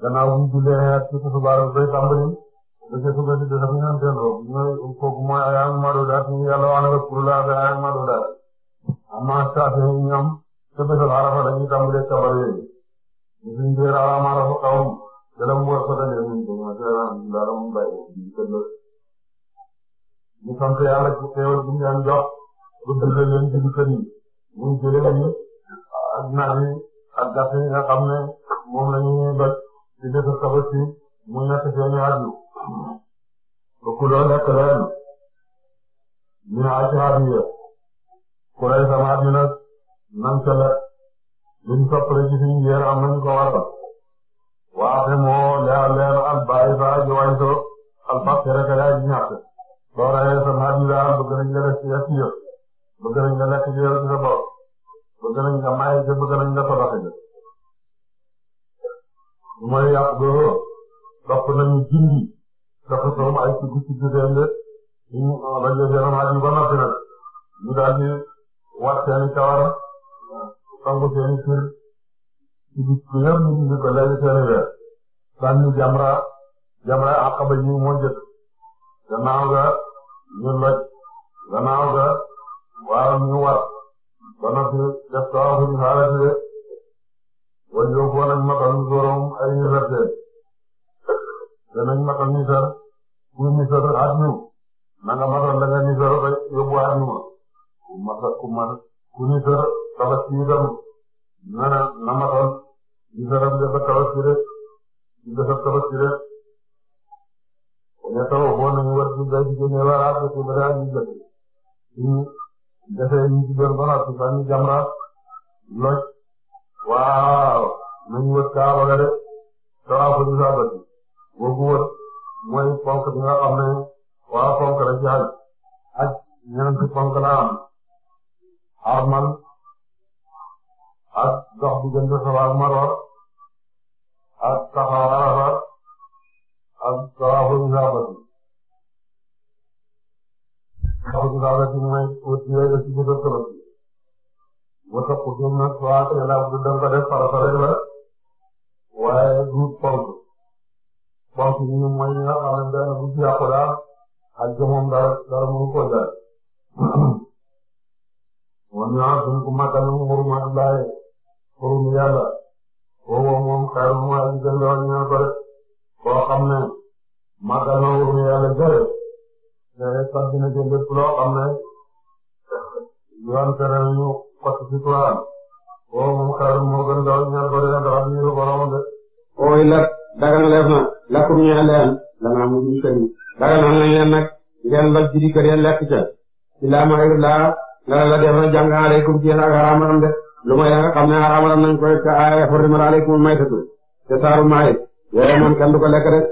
gannaaw bu ñu jullee xeet ci tisbaar bay tàmbali ba ca suba si dafa ñu antendoo ñooy kooku mooy ayaan madudaat ñu yàlla wax na Rasulullah bi ayaan madudaat amma saako yi ñoom ca bésal Arafa la ñuy tàmbalee kabar yooyu ñu Salam wa salaam min dum wa salaam dalam bay di sel ñu sant yàlla ci xéewal bu ñu leen jox bu dëggal leen ci fan yi ñu jëlee ñu ak nag yi ak gàtt yi nga xam ne moom la ñuy bët ci def tabaski muy nekk seen addu ba ku doon lekk leen ñu ashaar yi ku lay sama addu nag nan ca la luñ soppale ci suñu yéer am nañ ko waral waaxe moo leer leeral al bàyyi ba aji al fas tere ka daa ji ñàkk boo rayee sa naaj bëgg nañ nga def bëgg nañ nga lekk ci yow ci bëgg nañ nga may ja bëgg nañ nga sodoxe ja mooy yàq goo topp nañu jindi dafa soom ay siggu siggu seen ñu rajo seen naaj bi ba noppi nag ñu daal di wat seeni kawar sangu seeni sir ci ci wér nit ñi ko léegi teel jamra jamra Aqaba ji moo jëkk gannaaw ga ñu loj gannaaw ga waaw ñu war ba noppi def tawaafu ifaadati de wal yóbbu nañ matal góoram ay nisarte te nañ matal nisar kuy nisar at ñu na nga matal la nga nisar ba yóbbu at ku matal ku man ku nisar tabaski itam na na matal Islam dafa tabaski rek dafa tabaski rek ya taw bon nañu war ci jaay jigéen ñi war a fekk ba daal ñu jot ñu defee ñu ci doon ba noppi ba ñu jamra loj waaw nañu wër kaaba ga de tawaafu isaaba bi boobu wër mooy ponk bi nga xam ne waa ponk la ci aj ak ñeenti ponk la am armal ak dox diggante Safa ak Marwa ak Safa Arafa ak tawaafu isaabati tawaafu isaabati mooy wut yooyu ci biir Tabaski wota bu dem ko def farata rek la waaye du ponk ponk yi bu ci yàqu daal ak jëmoom dara dara mu ngi ko jaay. wala ñu naan suñ ko matal mu mën a mën xëy na yàlla woowu moom xayma mu waa gën la woon ñëw ko rek koo xam ne màggal na woowu yàlla jërë te sax dina jël lépp loo xam ne yoon tere nañu kott ci turam woowu moom xayma mu gën la woon ñëw ko rek dafa niiru borom de. ooy la dagan leef na lakum ñeel leen danaa mujj ñu sëñ daganal nañ leen nag ngeen loj ji di kër ya lekk ca. illaa ma illaa la la def na jàng aleykum ci ak haram de. lu may nga xam ne xaraamaloon nañ koy ka ay hurrimat alaykumul maytatu te saaru maay yooyu moom kenn lekk rek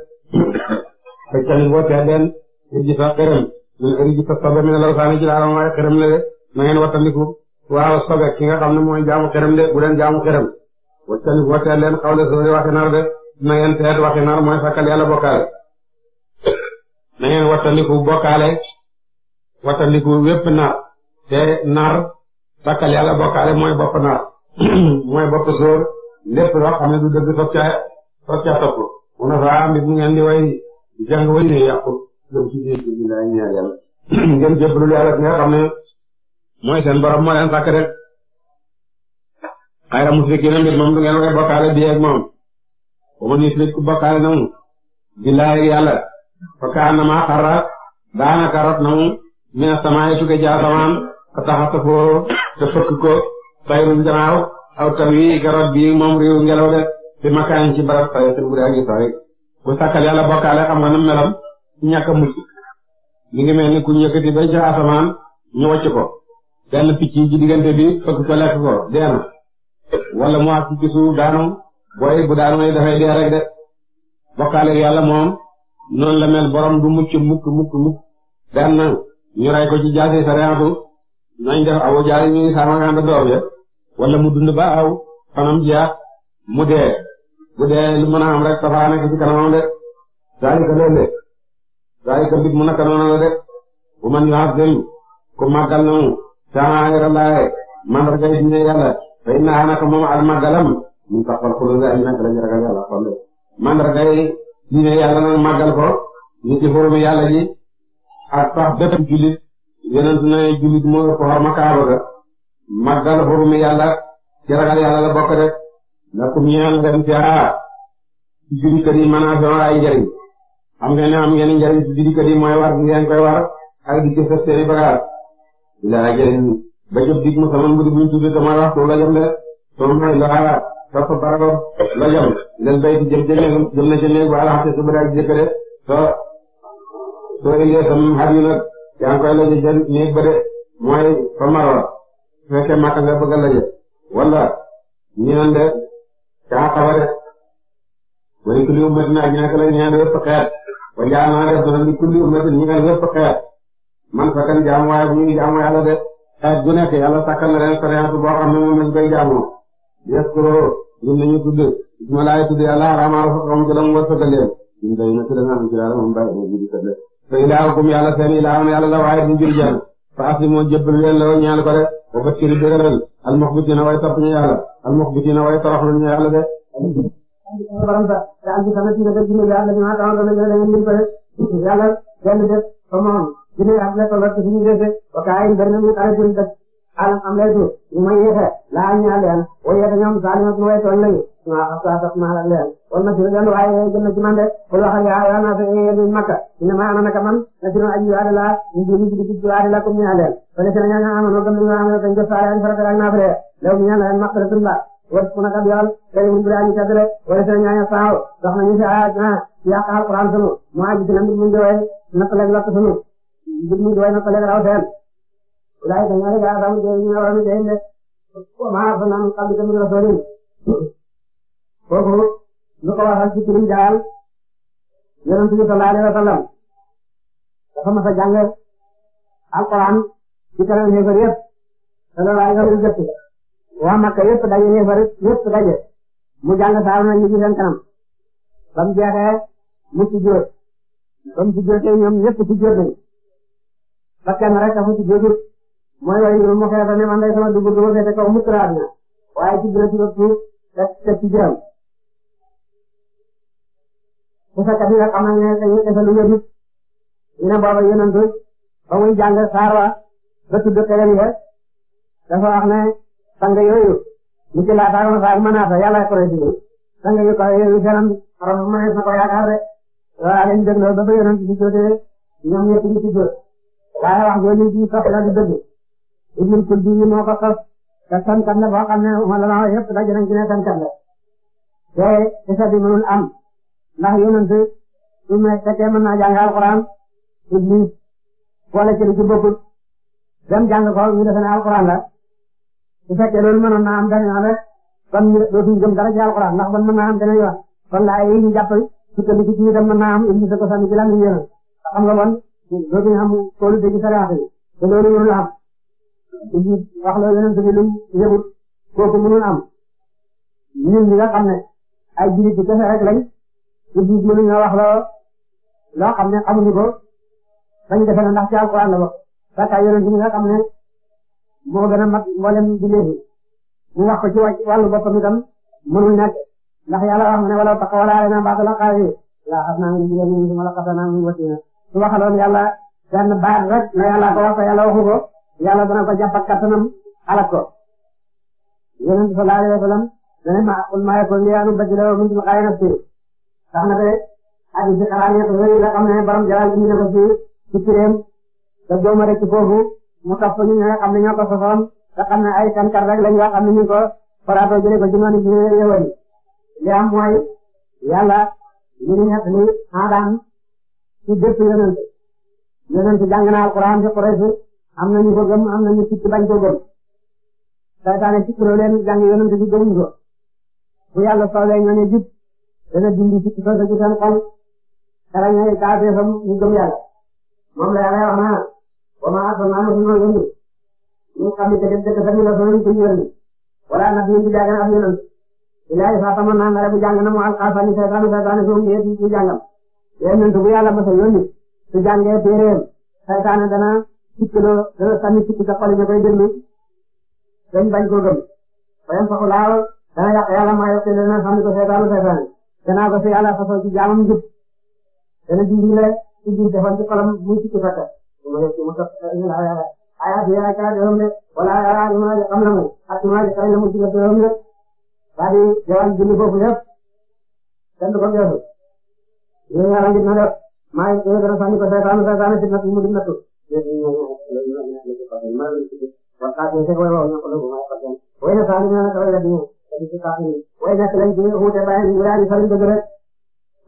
te tamit boo teeleen rijisa xërëm rijisa sobe mi ne law saani ci laal waaye xërëm la de na sobe ki nga xam ne mooy jaamu xërëm de bu leen jaamu xërëm boo tamit boo teeleen xawle soori nar de na ngeen teet nar mooy sakkal yàlla bokkaale na ngeen wattandiku bokkaale wattandiku wépp te nar takkal yàlla bokkaale mooy bopp naar mooy bopp sóor lépp loo xam ne du dëgg soog ca soog ca topp mu ne faa ah, mu ngeen di way di way ne yàqu jëm ci biir bi laay ñaan xam ne mooy seen borom moo leen sàkk rek xayra musrikiina mbir moom du ngeen way bokkaale bi ak moom ba ma nit nit ku bokkaale namu billaay yàlla fa kaanama xarra daanaka rot namu mina samaay tukke jaa samaan taxata foo te fëkk ko bayrun ganaaw aw taw yi garab bi moom réew ngelaw de bi makaan ci barab fay te bu sàkkal yàlla bokkaale xam nga ngi mel ni ku yëkkati bay ca bi fëkk ko bokkaale yàlla moom noonu la mel borom du mucc mukk mukk mukk daan ñu ray ko ci jaase sa reexatu nañ def aw jaay ñuy xarmagaanda doom ya wala mu dund ba aw fanam jeex mu dee bu dee lu mën a rek safaa nekk ci kanamam de zalika loolu de zalika mbir mu naka noonu la de bu man ñu asdem ku màggal na mu saayira laaye mandarga yi dina yàlla te naa naka moom al màggalam mun taxal xuluga ay nekk lañu ragal yàlla xol de mandarga yi dina yàlla na màggal ko ñu ci yàlla ji ak sax bépp jullit yonent ne jullit moo ko xorma kaaba ga màggal xormi yàlla ci ragal yàlla la bokk rek la kum ñeel leen fi aa ci jullit kat yi maanaam ay njariñ xam ngeen am ngeen njariñ ci jullit kat yi mooy war ngeen koy war ak di jëf bagaar ilaa jëriñ ba jëf dig musamman bu di buñ tudde sama wax tu la jëm de may laa topp la jëm leen bay ti jëm soo indee sam xar yu nag yaa ngi koy laje jël ba de mooy fa Marwa su fekkee Makka nga bëgg a laje wala ñu de caa xaba de mooy kulli ummatin ak ñàkk la ñaan wépp xeet wa jaa naa def dana li kulli ummatin ñaan wépp xeet man fa kan jaam waaye bu ñuy jaamu de xeet gu nekk yàlla sakkal na leen sariyaatu boo xam ne moom lañ koy jaamoo yes kuroo ñun nañu tudd bismillah tudd yàlla arama rafa xam ci la mu war sa galeen ñun day na ci da nga am ci yàlla moom te ilaahukum yàlla seen ilaahun yàlla la waaye du jur jaan fa aslimoo jébbalu leen la ñaan ko de wa bashiri bégalal al muxbitiina way topp ñu yàlla al muxbitiina way toroxlu ñu yàlla de yàlla benn def fa moom dina yàlla tolloo ci suñu dese wa kaay bari na ñu arrêté def alam am lay tuut ñu may yexe laa ñaan leen boo yexe ñoom Salim ak Moussa Sow lañu waaw xas sax maa la leen kon nag suñu gàlluwaay gën na ci man de pour wax ak yow yaa naa fexe yéen ñu makka ñu ne maa ana naka man na si ma aji waale laa ñu jëm ci digg waale laa comme ñaan leen. kon nag seen ñaan amoon gëm nañu amoon dañu ko faale ak farata ak naa fere léegi ñu ñaan leen maqfiratullah war ku nag ab yoon tey mu bëri aji kaddu rek wala seen ñaan faaw dox nañu si ayat naa ah, yàq alquran sunu mu aji si na mbir mu ngi way naka la lakk sunu mbir mu ngi way naka la raw seen ulaay ka ñaari gaa samu jëriñ ñoo waroon jëriñ de maa fa naan xam nga min rasulin kooku lu ko waxal ci turum jaal yonent bi sallallahu alayhi wa sallam dafa mas a jàng alquran ci kanam xéefar yëpp te loolu ay garu jëpp waa Makka yëpp daje xéefar yëpp daje mu jàng saar na ñu ci kanam ba mu mu ci jóot ba mu ci jóotee ñoom ñëpp ci jóot nañ ba kenn rek mooy way juróom mu xeebal ne man day sama dugub dama fete kaw mukk laa dina waaye ci biir suuf suuf rek teg ci jëm su fekkee nga xamal ne dañuy defal lu njëriñ ñu ne booba yonent ba muy jàng saar wa ba tudd xelam ya dafa wax ne sang yooyu ñu ci laataar ma saar manaata yàlla ko rek nii sang yu kaw yooyu fenam rafet ma nees na ko yaakaar de waaw dañu dégg loolu ba ba yonent ci jotee ñoom ñëpp ñu ci jot waaye wax jooju ci sopp la di dëgg ibnul kulbi moo ko xas te sankat la boo xam ne ulama yëpp daje nañ ci ne sankat la te isa bi mënul am ndax yonent su ma fekkee mën naa jàng alquran iblis boole ci lu ci bokkut dem jàng ko ñu defe ne alquran la su fekkee loolu mënoon naa am defe naa rek kon ñu dootuñ gëm dara ci alquran ndax kon mën naa am dana yoon kon laa yi ñu jàpp sukkandiku ci itam mën naa am iblis ko sànni ci lan ñu yënal xam nga bon dootuñ am kóolute ci sariyaat yi te loolu mënul am indi wax la yeneen bi lu yëbut kooku mënul am ñun ñi nga xam ne ay jullit ci kese rek lañ iblis mënuñoo wax la loo xam ne xamuñu ko dañu defe ne ndax ci alquran la bokk parce que yeneen bi nga xam ne moo gën a mat mboolem bi léegi mu wax ko ci wàcc wàllu boppam itam mënul nekk ndax yàlla wax ne wala tax wala na baax la xawi la xam naa ngi jigéen ñi ma la xasanaa mu wasiina su waxaloon yàlla benn baax rek na yàlla ko wax yàlla waxu ko yàlla dana ko jàpp ak kattanam alak ko yonent bi sallallahu alayhi wa sallam dana ma qul ma yakun li an ubaddila min tilqaa'i nafsi tax na be adi ci te jooma rek mu topp ñu nga xam ne ñoo ko sosoon te xam ne ay kankar rek lañ yoo xam ne ñu ko faraatoo jëlee ko ci noonu am nañu ko gëm am nañu sikk bañ ko gëm saytaane sikk loo leen jàng yonent bi gëmuñu ko bu yàlla soobee ñoo ne jub dana dindi sikk soo ci seen xol kala ñooy taatee moom la yàlla wax naa wa maa arsalnaa fi noonu yëngu ñu xam ne dëgg dëgg tamit la soobee ñu yërëm wala nag ñu di jàng ak yonent ilaahi faatama naa nga bu jàng na mu alxaasa ni saytaane saytaane fi mu ngi yëpp ñu jàngam yonent bu yàlla mos a yónni su jàngee téeréem saytaane dana sikk la dana sànni sikk sa xol yi ñu koy déglu dañ bañ koo gëm wayam saxu laaw dana yàq yàlla maa yokkee dana sànni ko seetaanu seetaani danaa ko si yàlla fasoo ci jaamam njub dana dimbale ci biir defal ci xolam muy sikk fekk ma yokk mu sot ayaat yi yaa ca doom rek wala yaa imaa ji xam na mu ak imaa ji xarañ na mu ci doom rek waa di jawal julli foofu yëpp kenn du ko geesu yéen yàlla ngir na def maa ngi dana sànni ko seetaanu seetaani fitna mu di nattu وقاتل شيخ وهو يقلب ما يقدم وإن صاحبنا نتولى به فبئس القاتلين وإذا سلمته هو تبعين الولاد فلم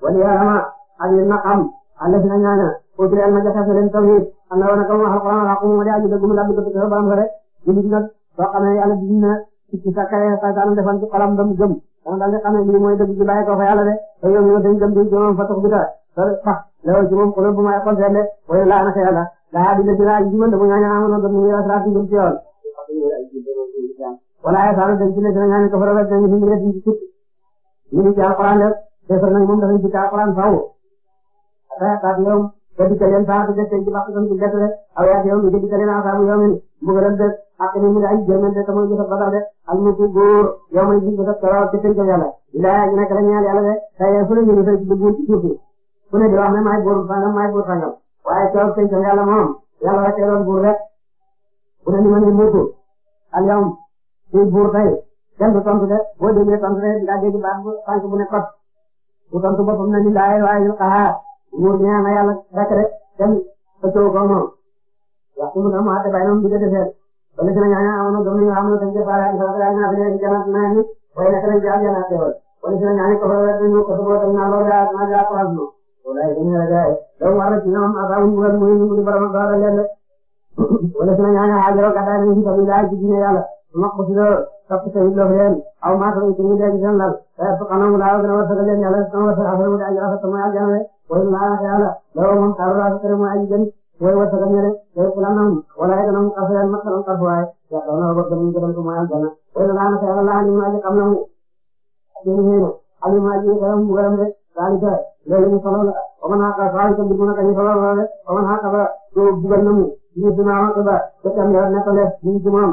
وليهما أبي المقام الذي أنانا وكل المجلس في التوحيد أن لو نقلنا القرآن العقوم ولا يجدكم الأبد فتحوا بأمره يجدنا فقنا يعلم بنا اتساكا يستطيعون دفن في قلم دم جم أنا لا أقام لي مويد بجباية وفيالة فيوم يوم دم جم دي جمع فتح بدا فرح loolu ci moom xoolal bu may xool seet de wala laa na seet la laa di la ci laaj jubal dafa ñaan amoon doon ñu yàlla salaatu jëm ci yoon wala ay saanu dañ ci la dina ñaan ko fa rek dañu ñu rek ci ñu ñu ci alquran def defar nag moom dafa ci alquran faaw ata ta yow ko di leen faa di defal ci baax tam ci def rek aw yaa yow di leen asaabu yow min mu gëral def ak ni ñu ay jëmante te mooy jëfal ba def al mu ko góor yow may gis ba def ko ci yàlla ila ya ñu nak la ñaan yàlla de tay fu ñu ñu fay ci dugg ci ku ne di wax ne maay buur sangam maay buur sangam waaye keroog sëñ bi yàlla moom yàlla rek doon buur rek ku ne ni ma nii muutu ak yow kuy buur tey kenn du tontu de boo déggee tontu de nga dégg baax bu sànq bu ne kot ku tontu boppam na ni laay waaye yu xaar nguur gi ñaan na yàlla rek rek kenn sa coow ko moom waxtu mu ne ma ate bay na mu diggante seet ba léegi nag ñaañaa amoon na gëm nañu amoon na tamit baal ak sax daal naa fi nekk janaat naa ni waaye nekk nañu jaam janaat teewal wala si la ñaañu ko fa wér nañu ko fa boo tam naa loolu daal naa jaat ko xam walaay dañuy ragal donc war na ci ñoom asaabu mbugal muy muy borom ak doole leen de wala si la ñaanee xaajaro gàddaa nañ ci sabilillah ci diine yàlla maq si loolu topp sayid loo leen aw maa ko ci ñu dee ci seen lal te ak xanaa mu laaw gën a wërsëgal leen yàlla sama wërsëg affaire mu di aji rafet mooy aljana de wala laa yàlla loolu moom xaaru rafet mooy aji gën mooy wërsëgal ñu de day fulaan nam wala ay ganam xasu leen maq lan xasu waaye yàlla na ba gëm ñu gëdal ko mooy aljana wala laa naka yàlla laa ni mu aji xam na mu aji xëy na ali mu aji gëram bu gëram de léegi mu solal xaw ma naa xaw itam dugg na kañu solal loole xaw ma naa xaw a ñëw dugal nañu ñu si naaw ak ba te tam yàlla nekkale ñu ci moom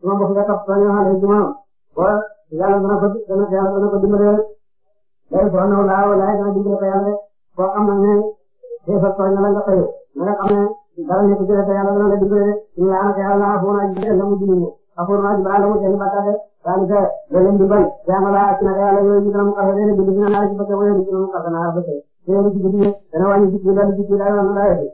su ma mbokk nga topp sax ñu xale ci moom wala yàlla dana ko dana yàlla dana ko dimbale rek léegi soo naw laa walaay dana dimbale ko yàlla rek boo xam ne xeexal tooñ na la nga fay na nga xam ne dara nekk ci rek yàlla dana la dimbale rek ñu yaanaka yàlla laa foo naa gis la mu dimbale Kafour ma jubal la mu jëli ba kase Salika da leen dimbal jaamala ci naka yàlla yooyu ñu gën a mu xase leen bind dina naa ci bëgg wala dina mu xase naa ba tey te yéen a ci guddi dana wàññi jikki dal jikki dal na la yefi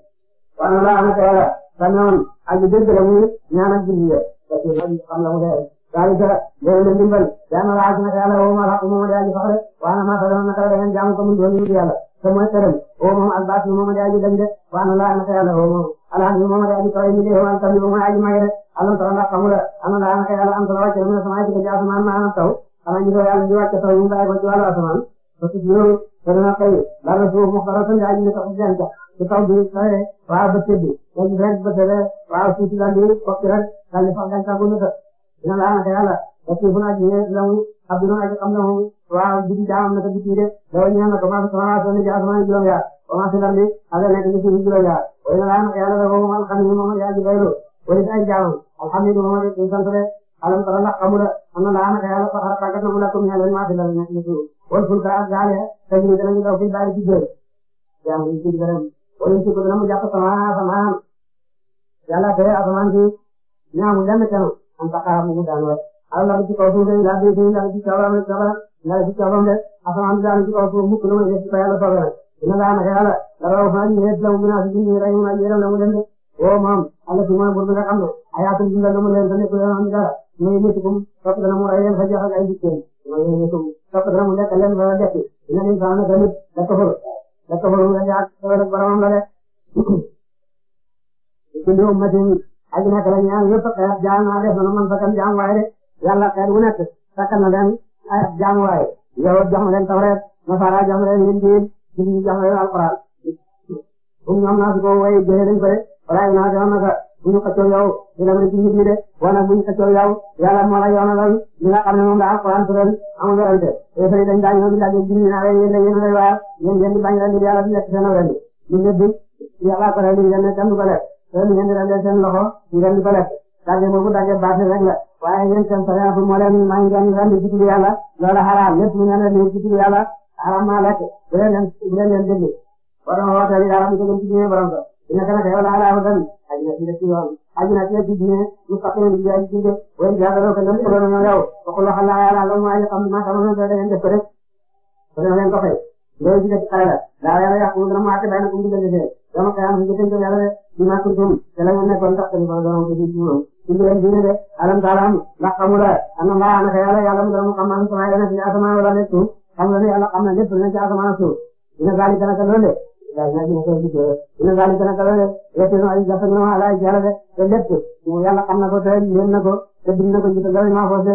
wana la am ka yàlla sanoon aji dëgg la muy ñaan ak jikki te ci loolu xam la mu dee Salika da leen dimbal jaamala ci naka yàlla woo ma la moom de aji faxre wana ma sadana naka da ngeen jaamu ko mun doon yàlla te mooy këram woo moom ak baat moom de aji dañ de wana la am ka yàlla woo alhamdulilah moom mooy aji kawe mi de wala tamit moom mooy aji màgg de alhamdulilah taw ndax xamul am na daanaka yàlla am solo wàcce na mu ne sama diggante asamaan maa am taw xanaa ñu koy yàlla ñu wàcce taw ñu bàyyi ko ci wàllu asamaan parce que ñoom da dana xëy laata suuf mu xaral sa njaay ñu ne taxul seen jax su taw bi tawee waaw bët bi nga gis rek bët bi waaw suuf si daal di koppi rek daal di fax gàncax gu nëkk dina daanaka yàlla te suuf naa ci ne la mu abdoulaye Aliou xam na moom waaw bi ci jaamam naka bi ci de loolu ñu ne la commencé commencé woon na ci asamaan juróom-yaar commencé daal di ak nekk ci suuf juróom-yaar وإلهنا يعلم هو الخليل ومن يأتي غيره ولذلك جعلهم الحميد وهو الذي سلسله ألم تر الله قبل أن لعنك يا رب خلقك لكم من الماء في الأرض نسلسوه والفلك أجعلها تجري دلم لو في البحر تجري جاءه يجري دلم ويمسك دلم جاءت سماء سماء يلا كي أسمان في نعم لم تنو أن تقع مهدان الله في قوسه لا بيته لا في كلام لا في كلام لا أسمان لا في قوسه مكلم لا في كلام inna laa naka yàlla la rawatina ñu ne law munafiqin ñu rayu na yéeral na mu leen de woo moom allah su ma bur mi nga xam ne ayatul dundal na mu leen te nekkul leen am dara mooy yëtukum topp dana mu ray leen fa jox ak ay dikkeen mooy yëtukum topp dana mu lekk leen fa dekk dina leen saa naka nit da kafar da kafar mu sa rek boromam la de kulli la ñaan yëpp xeet jaam naa def na man sakkan jaam waaye de yàlla xeet wu nekk na leen ay jaam waaye yow jox ci ñu jàngale alxuraan um ñoom naa si ko way jëlee dañ koy walaay naa dama naka bu ñu xëccoo yow dina bëri ci nit ñi de wala bu ñu xëccoo yow yàlla moo la yoonalal li nga xam ne moom la alxuraan tural amul werante te fay dañ daañu bi laaj jinni naa lay yéen yéen lay waayal ñoom ngeen di bañ la ndi yàlla di nekk seen werante ñu lépp yàlla ko rek ngeen ne kenn du ko def te ngeen di rende seen loxo ngeen di ko def dagge boobu dagge baaxee rek la waaye yéen seen sariya fu moo leen maa ngi ngeen rendi ci tudd yàlla loola xalaal lépp lu ngeen rendi ci tudd yàlla aram na lekk leneen leneen dëgg borom woote bi aram ko gën ci diine borom ko dina kana kay wala ala hudan ajina ci ci yoon ajina ci ci diine mu faqe bi jaay ci de way jaadaro ko ngam ko no yaw ko ko xala ya ala ma ya xam ma xam no da ngeen def rek ko ngeen ko fay do ci def xala la ya ya ko ngam ma te bayna ko ngi ngeen def dama kay am ngi tan yalla de dina ko dum te la ne kon tax ko borom ko ci yoon ci ngeen diine de alam talam la xamula anna ma ana kay ala ya alam ngam ma xam ma sama ya na ci asama wala nekku xam nga ne yàlla xam na lépp lu nekk ci asamaan suuf dina gaal di gën a gën a lële yaa ngi nekk ko gisee dina gaal di gën a gën a lële lépp lu ay jafe ñoom alaay ci yàlla de te lépp yàlla xam na ko te yéen na ko te bind na ko gis nga gën a ñëwaat foofu de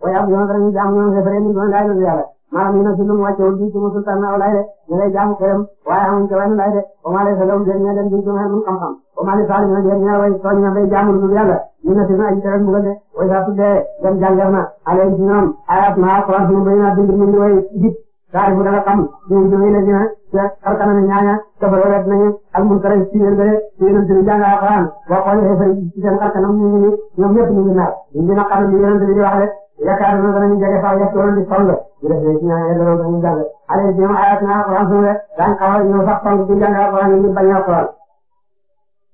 waaye am na yoon rek ñu jaamu ñoom maanaam ñu ne si lu mu wàccewul bii ci musul tànn aw lay de ñu lay jaamu këram waaye amuñ ca wenn lay de wama lay salawum déer ñee den bii jumeen mun xam-xam wama li saali mine déer ñee way tooñ na day jaamu lu yàlla ñu ne si na aji teran bugal de way saa tuddee dem jàngal na aleen ci ñoom ayat na alquran sunu bay naa bind mindi way jib taarifu danga xam ñu jëme la dina ca xarkana na ñaaña kafaro wet nañu ak mun kare ci yéen bëre ci yéen ci jàng alquran boo xoolee xeefari ci seen xarkanam ñu ngi ni ñoom ñëpp ñu ngi naar ñu dina xam li yéen di wax de yaakaar na danañu jege sax yàq di toll ñu def ne ci ñaareel loolu dañuy jàng allé jéem ayat naa alquran suñu rek daan xaw a ñëw sax toll di jàng alquran ñu bañ alquran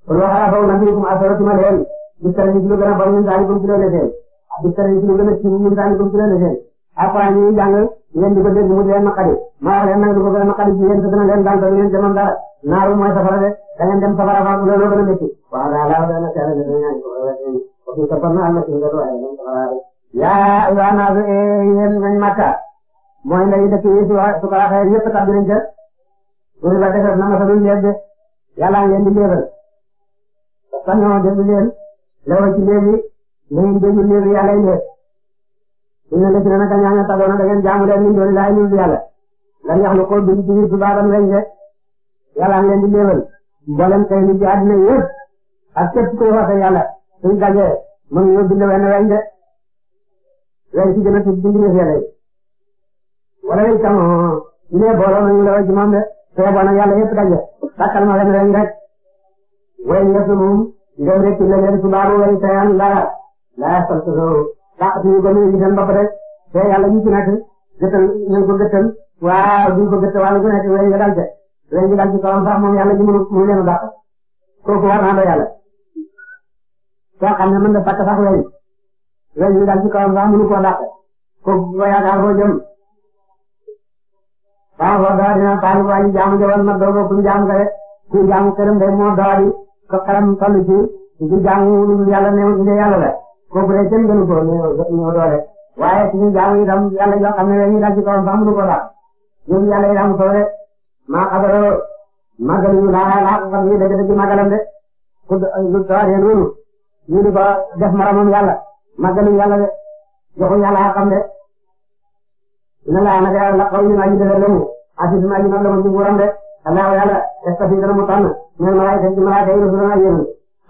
kon waxaa faw na fiikum asaratuma leen di tere ñu ci lu gën a bon ñun daañu gëm ci loolu seen di tere ñu ci lu gën a ci ñun daañu gëm ci loolu seen alquran ñu jàng ngeen di ko dégg mu di leen naqari ma wax leen nag du ko gën a naqari ci yéen te dana leen dal te ngeen demoon dara naaru mooy safara de da ngeen dem safara fa loolu gën a métti waaw daal laa dana ci ala dana ñaan ko wa fi sabana al masjid wa yaa ayyuhan naas yéen nañ Makka mooy ndeyu dëkk yi su su ko waxee ñëpp tax dinañ jël pour la defee na masalul léeb de yàlla ngeen di léebal sax ñoo déglu leen lewal ci léeb yi na ngeen déglu léeb yi yàlla yi léeb suñu la ci nag ñaaña tagoona da ngeen jaamu leen min doon laay ñu yàlla lan yaxlu ko duñ duñ subaaram lañ de yàlla ngeen di léebal mboolem kay ni ci àddina yëpp ak képp kuy waxee yàlla suñ dajee mën nga bind wenn weñ de lay ci gën a tudd dundee fii rek wala lay taw ñu ne booloo nañu la ci moom de tey boo nag yàlla yëpp daje dakkal ma ren ren rek way ñëpp moom ndem rek ci la leen subaaru way tayaan laa laa sant soo daa suñu gën a seen bopp rek te yàlla ñu ci nekk gëttal ñu ko gëttal waaw duñ ko gëttal wàllu bu nekk way nga dal de way nga dal ci kawam sax moom yàlla ñu mënu mu leen a dàq kooku war naa doy yàlla soo xam ne mën na fàtte sax way léegi ñu daal ci kawam sax ko dàq kooku bu yaakaar foo jëm dina baal waa ji jaamu jabar ma doog a kuy jaamu kare kuy jaamu këram day di ko xaram toll di jaamu lu dul yàlla néew ci yàlla la kooku day kenn gënu ko ñëw doole waaye suñu jaamu itam yàlla yoo xam ne rek ñu daal ci kawam di ko def maramam yàlla. màggalu yàlla de la xaw yi naa ji defar lañu assis naa de allah yàlla estati dana mu tànn ñoom malaaka ci malaaka yi rasul ak yonent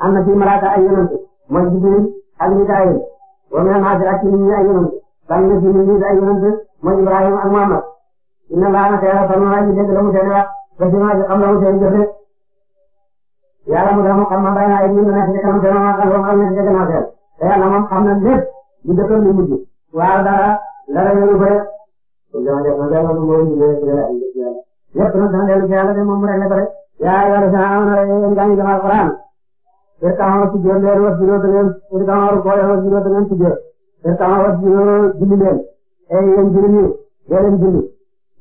am na ci malaaka ay yonent mooy Jibril ak Mikaayil wa min naasi ak ci nit ñi ay yonent am na ci nit ñi ay yonent mooy Ibrahima ak Muhammad dina laa naka yàlla tànn naa ji la mu seen wax ba ci naa ji la mu seen jëf de la mu te yàlla moom xam na lépp lu jëkkoon lu mujj waaw dara dara yoru ko rek lépp nag dana dellu ci yàlla de moom mu réglé ko rek yaa ayyuhaa allaziina aamanu yéen gaa ñu gëm alxuraan irka'u sujjóot leen wasjudoo te ngeen irka'u rukuu leen wasjudoo te ngeen sujjóot irka'u wasjudoo julli leen ay yéen julli ñi dee leen julli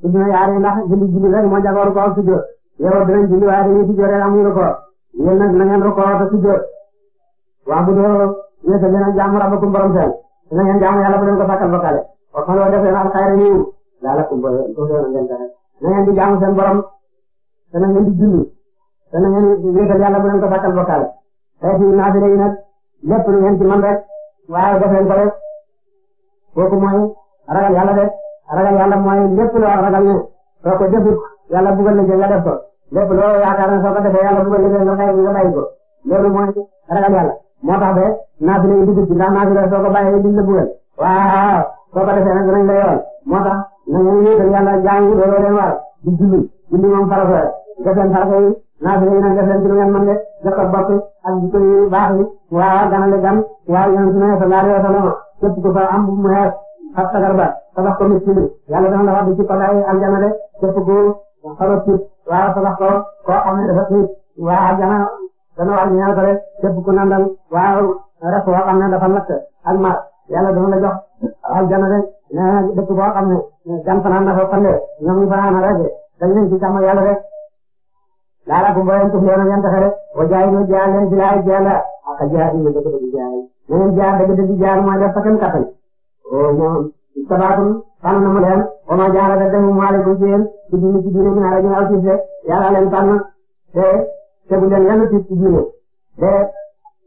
su ñu yaaree ndax julli julli rek moo jagoo rukuu ak sujjóot yow dinañ julli waaye dañuy sujjóot rek amuñu rukuu yéen nag na ngeen rukuu te sujjóot waaw bu doo ñebe bi jaamu rabbakum borom seen jaamu yàlla bu ko sàkkal bokkaale wax nga def leen al xayra yiw laalakum ba doon ngeen ko na ngeen jaamu seen borom te na ngeen di julli te na ngeen di wéetal yàlla ko sàkkal bokkaale xeeti naafile yi nag lépp lu ngeen ci mën rek waaye def ko rek kooku mooy ragal yàlla de ragal yàlla mooy lépp loo ragal ne soo ko ko lépp loo yaakaar ne soo ko defee yàlla bugal la jël nga bàyyi ko loolu mooy moo tax ba naafila yi dugg ci ndax naafila soo ko bàyyee duñ la bugal waaw soo ko defee nag dinañ la yoon moo tax na ngeen wéetal yàlla jaamu looloo leen war di julli julli moom farata la defeen farata yi naafila yi nag defeen ci lu ngeen mën de jox ak bopp ak jikko yu baax yi waaw ganale gan waaw yonent bi sallallahu alayhi wa sallam képp ku fa am mu xeer ak sagar ba tabax ko miskini yàlla dana la wax di ci palaay aljana de képp ku xaro tiit waaw tabax ko koo xam ne dafa tiit waaw aljana dana wax ñu yàlla rek képp ku nandal waaw rek boo xam ne dafa lakk ak mar yàlla dana la jox aljana rek mais dëkk boo xam ne gan fanaan na fa fande ñoom ñu fanaan rek dañ leen ci jàmm yàlla rek laala bu mboolem tuuti woon ak yan taxe rek boo jaayee ñu jaay leen ci laay jaay la ak jaay ñu dëgg-dëgg jaay ñu jaay dëgg-dëgg jaay mooy def fa seen kattan moom sabaatul tànn na mu leen ba ma jaarale rek de mu maale ko ci yéen ci diine ci diine ñu naan la ñu naan ci yàlla leen tànn te te bu leen yàlla tiit ci diine déedéet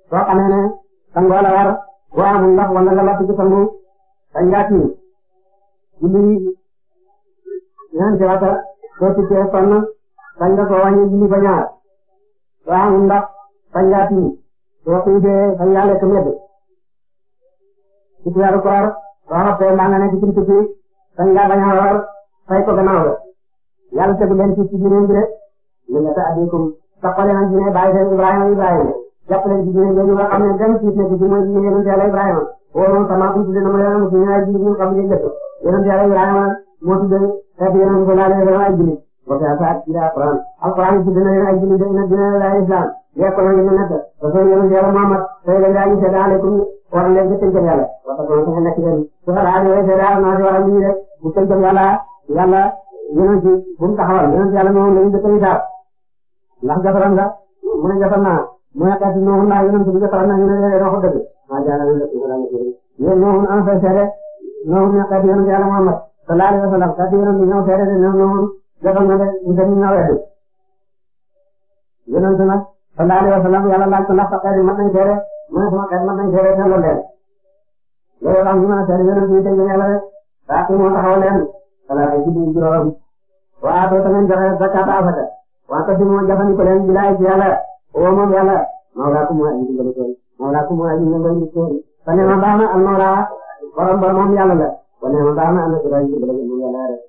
soo xamee ne sangoo la war boo amul ndox wala nga lott ci sangu sañ ngaa ci julli ñeenti waxta soo tukkee sonn sañ nga koo wàññi julli ba ñaar soo amul ndox sañ ngaa ci soo xiifee sañ ngaa lekk medd ci weeru koor soo xaftee mbaa nga nekk ci tukki sañ ngaa bañ a war fay ko gannaaw la yàlla tegu leen ci ci diine bi rek li nga ta adikum jàppale nañ dinañ bàyyi leen Ibrahima Ibrahima jàppale nañ dinañ leen nga xam ne benn ci nekk ci mooy yonent Yàlla Ibrahima wóoroon sama kuy tuddee na ma yàlla mosu ñu naan jiw ñu xam ne lépp yonent Yàlla Ibrahima moo tuddee xeetu yonent ko laale yàlla ay jullit ba fi asaat ci alquran alquran tuddee na leen ay jullit dina dina la islam yeekal nañ ñu nekk parce que yonent Yàlla Muhammad tey la daa ñu seet alaykum war leen ko tënkal yàlla wax dëgg yàlla dafa nekk ren su ko daal di weesoo daal naa si waral ñu rek bu tënkal yàlla yàlla yonent bu mu taxawal yonent yàlla moom la ñu dëkk ndax jafaram nga mu ne jafar naa mu ne xeeti nooxun ndax yonent bi jafar na ñu ne léeg-léeg waxu dëgg maa jàll ñu def ko daal yéen nooxun am fay seede nooxun ne xeeti yonent yàlla Muhammad sallallahu alayhi wa sallam xeeti yonent bi ñëw seede de ne nooxun jafar na de ñu dem ñu wedd yonent nag sallallahu alayhi wa sallam yàlla laaj ko ndax sa xeet yi mën nañ seede mu ne sama xeet mën nañ seede te loolu leen loolu wax ñu mën a seede yonent yi tey yàlla rek saa moo taxaw leen sallallahu alayhi wa sallam waaw waa kër si moom jëfandiku leen bilaay ci yàlla woo moom yàlla mawlaakum wa aji dimbali seen mawlaakum wa aji dimbali seen fa ne ma baax na al mawlaa borom ba moom yàlla la fa ne ma a na al mawlaa dimbali moom yàlla rek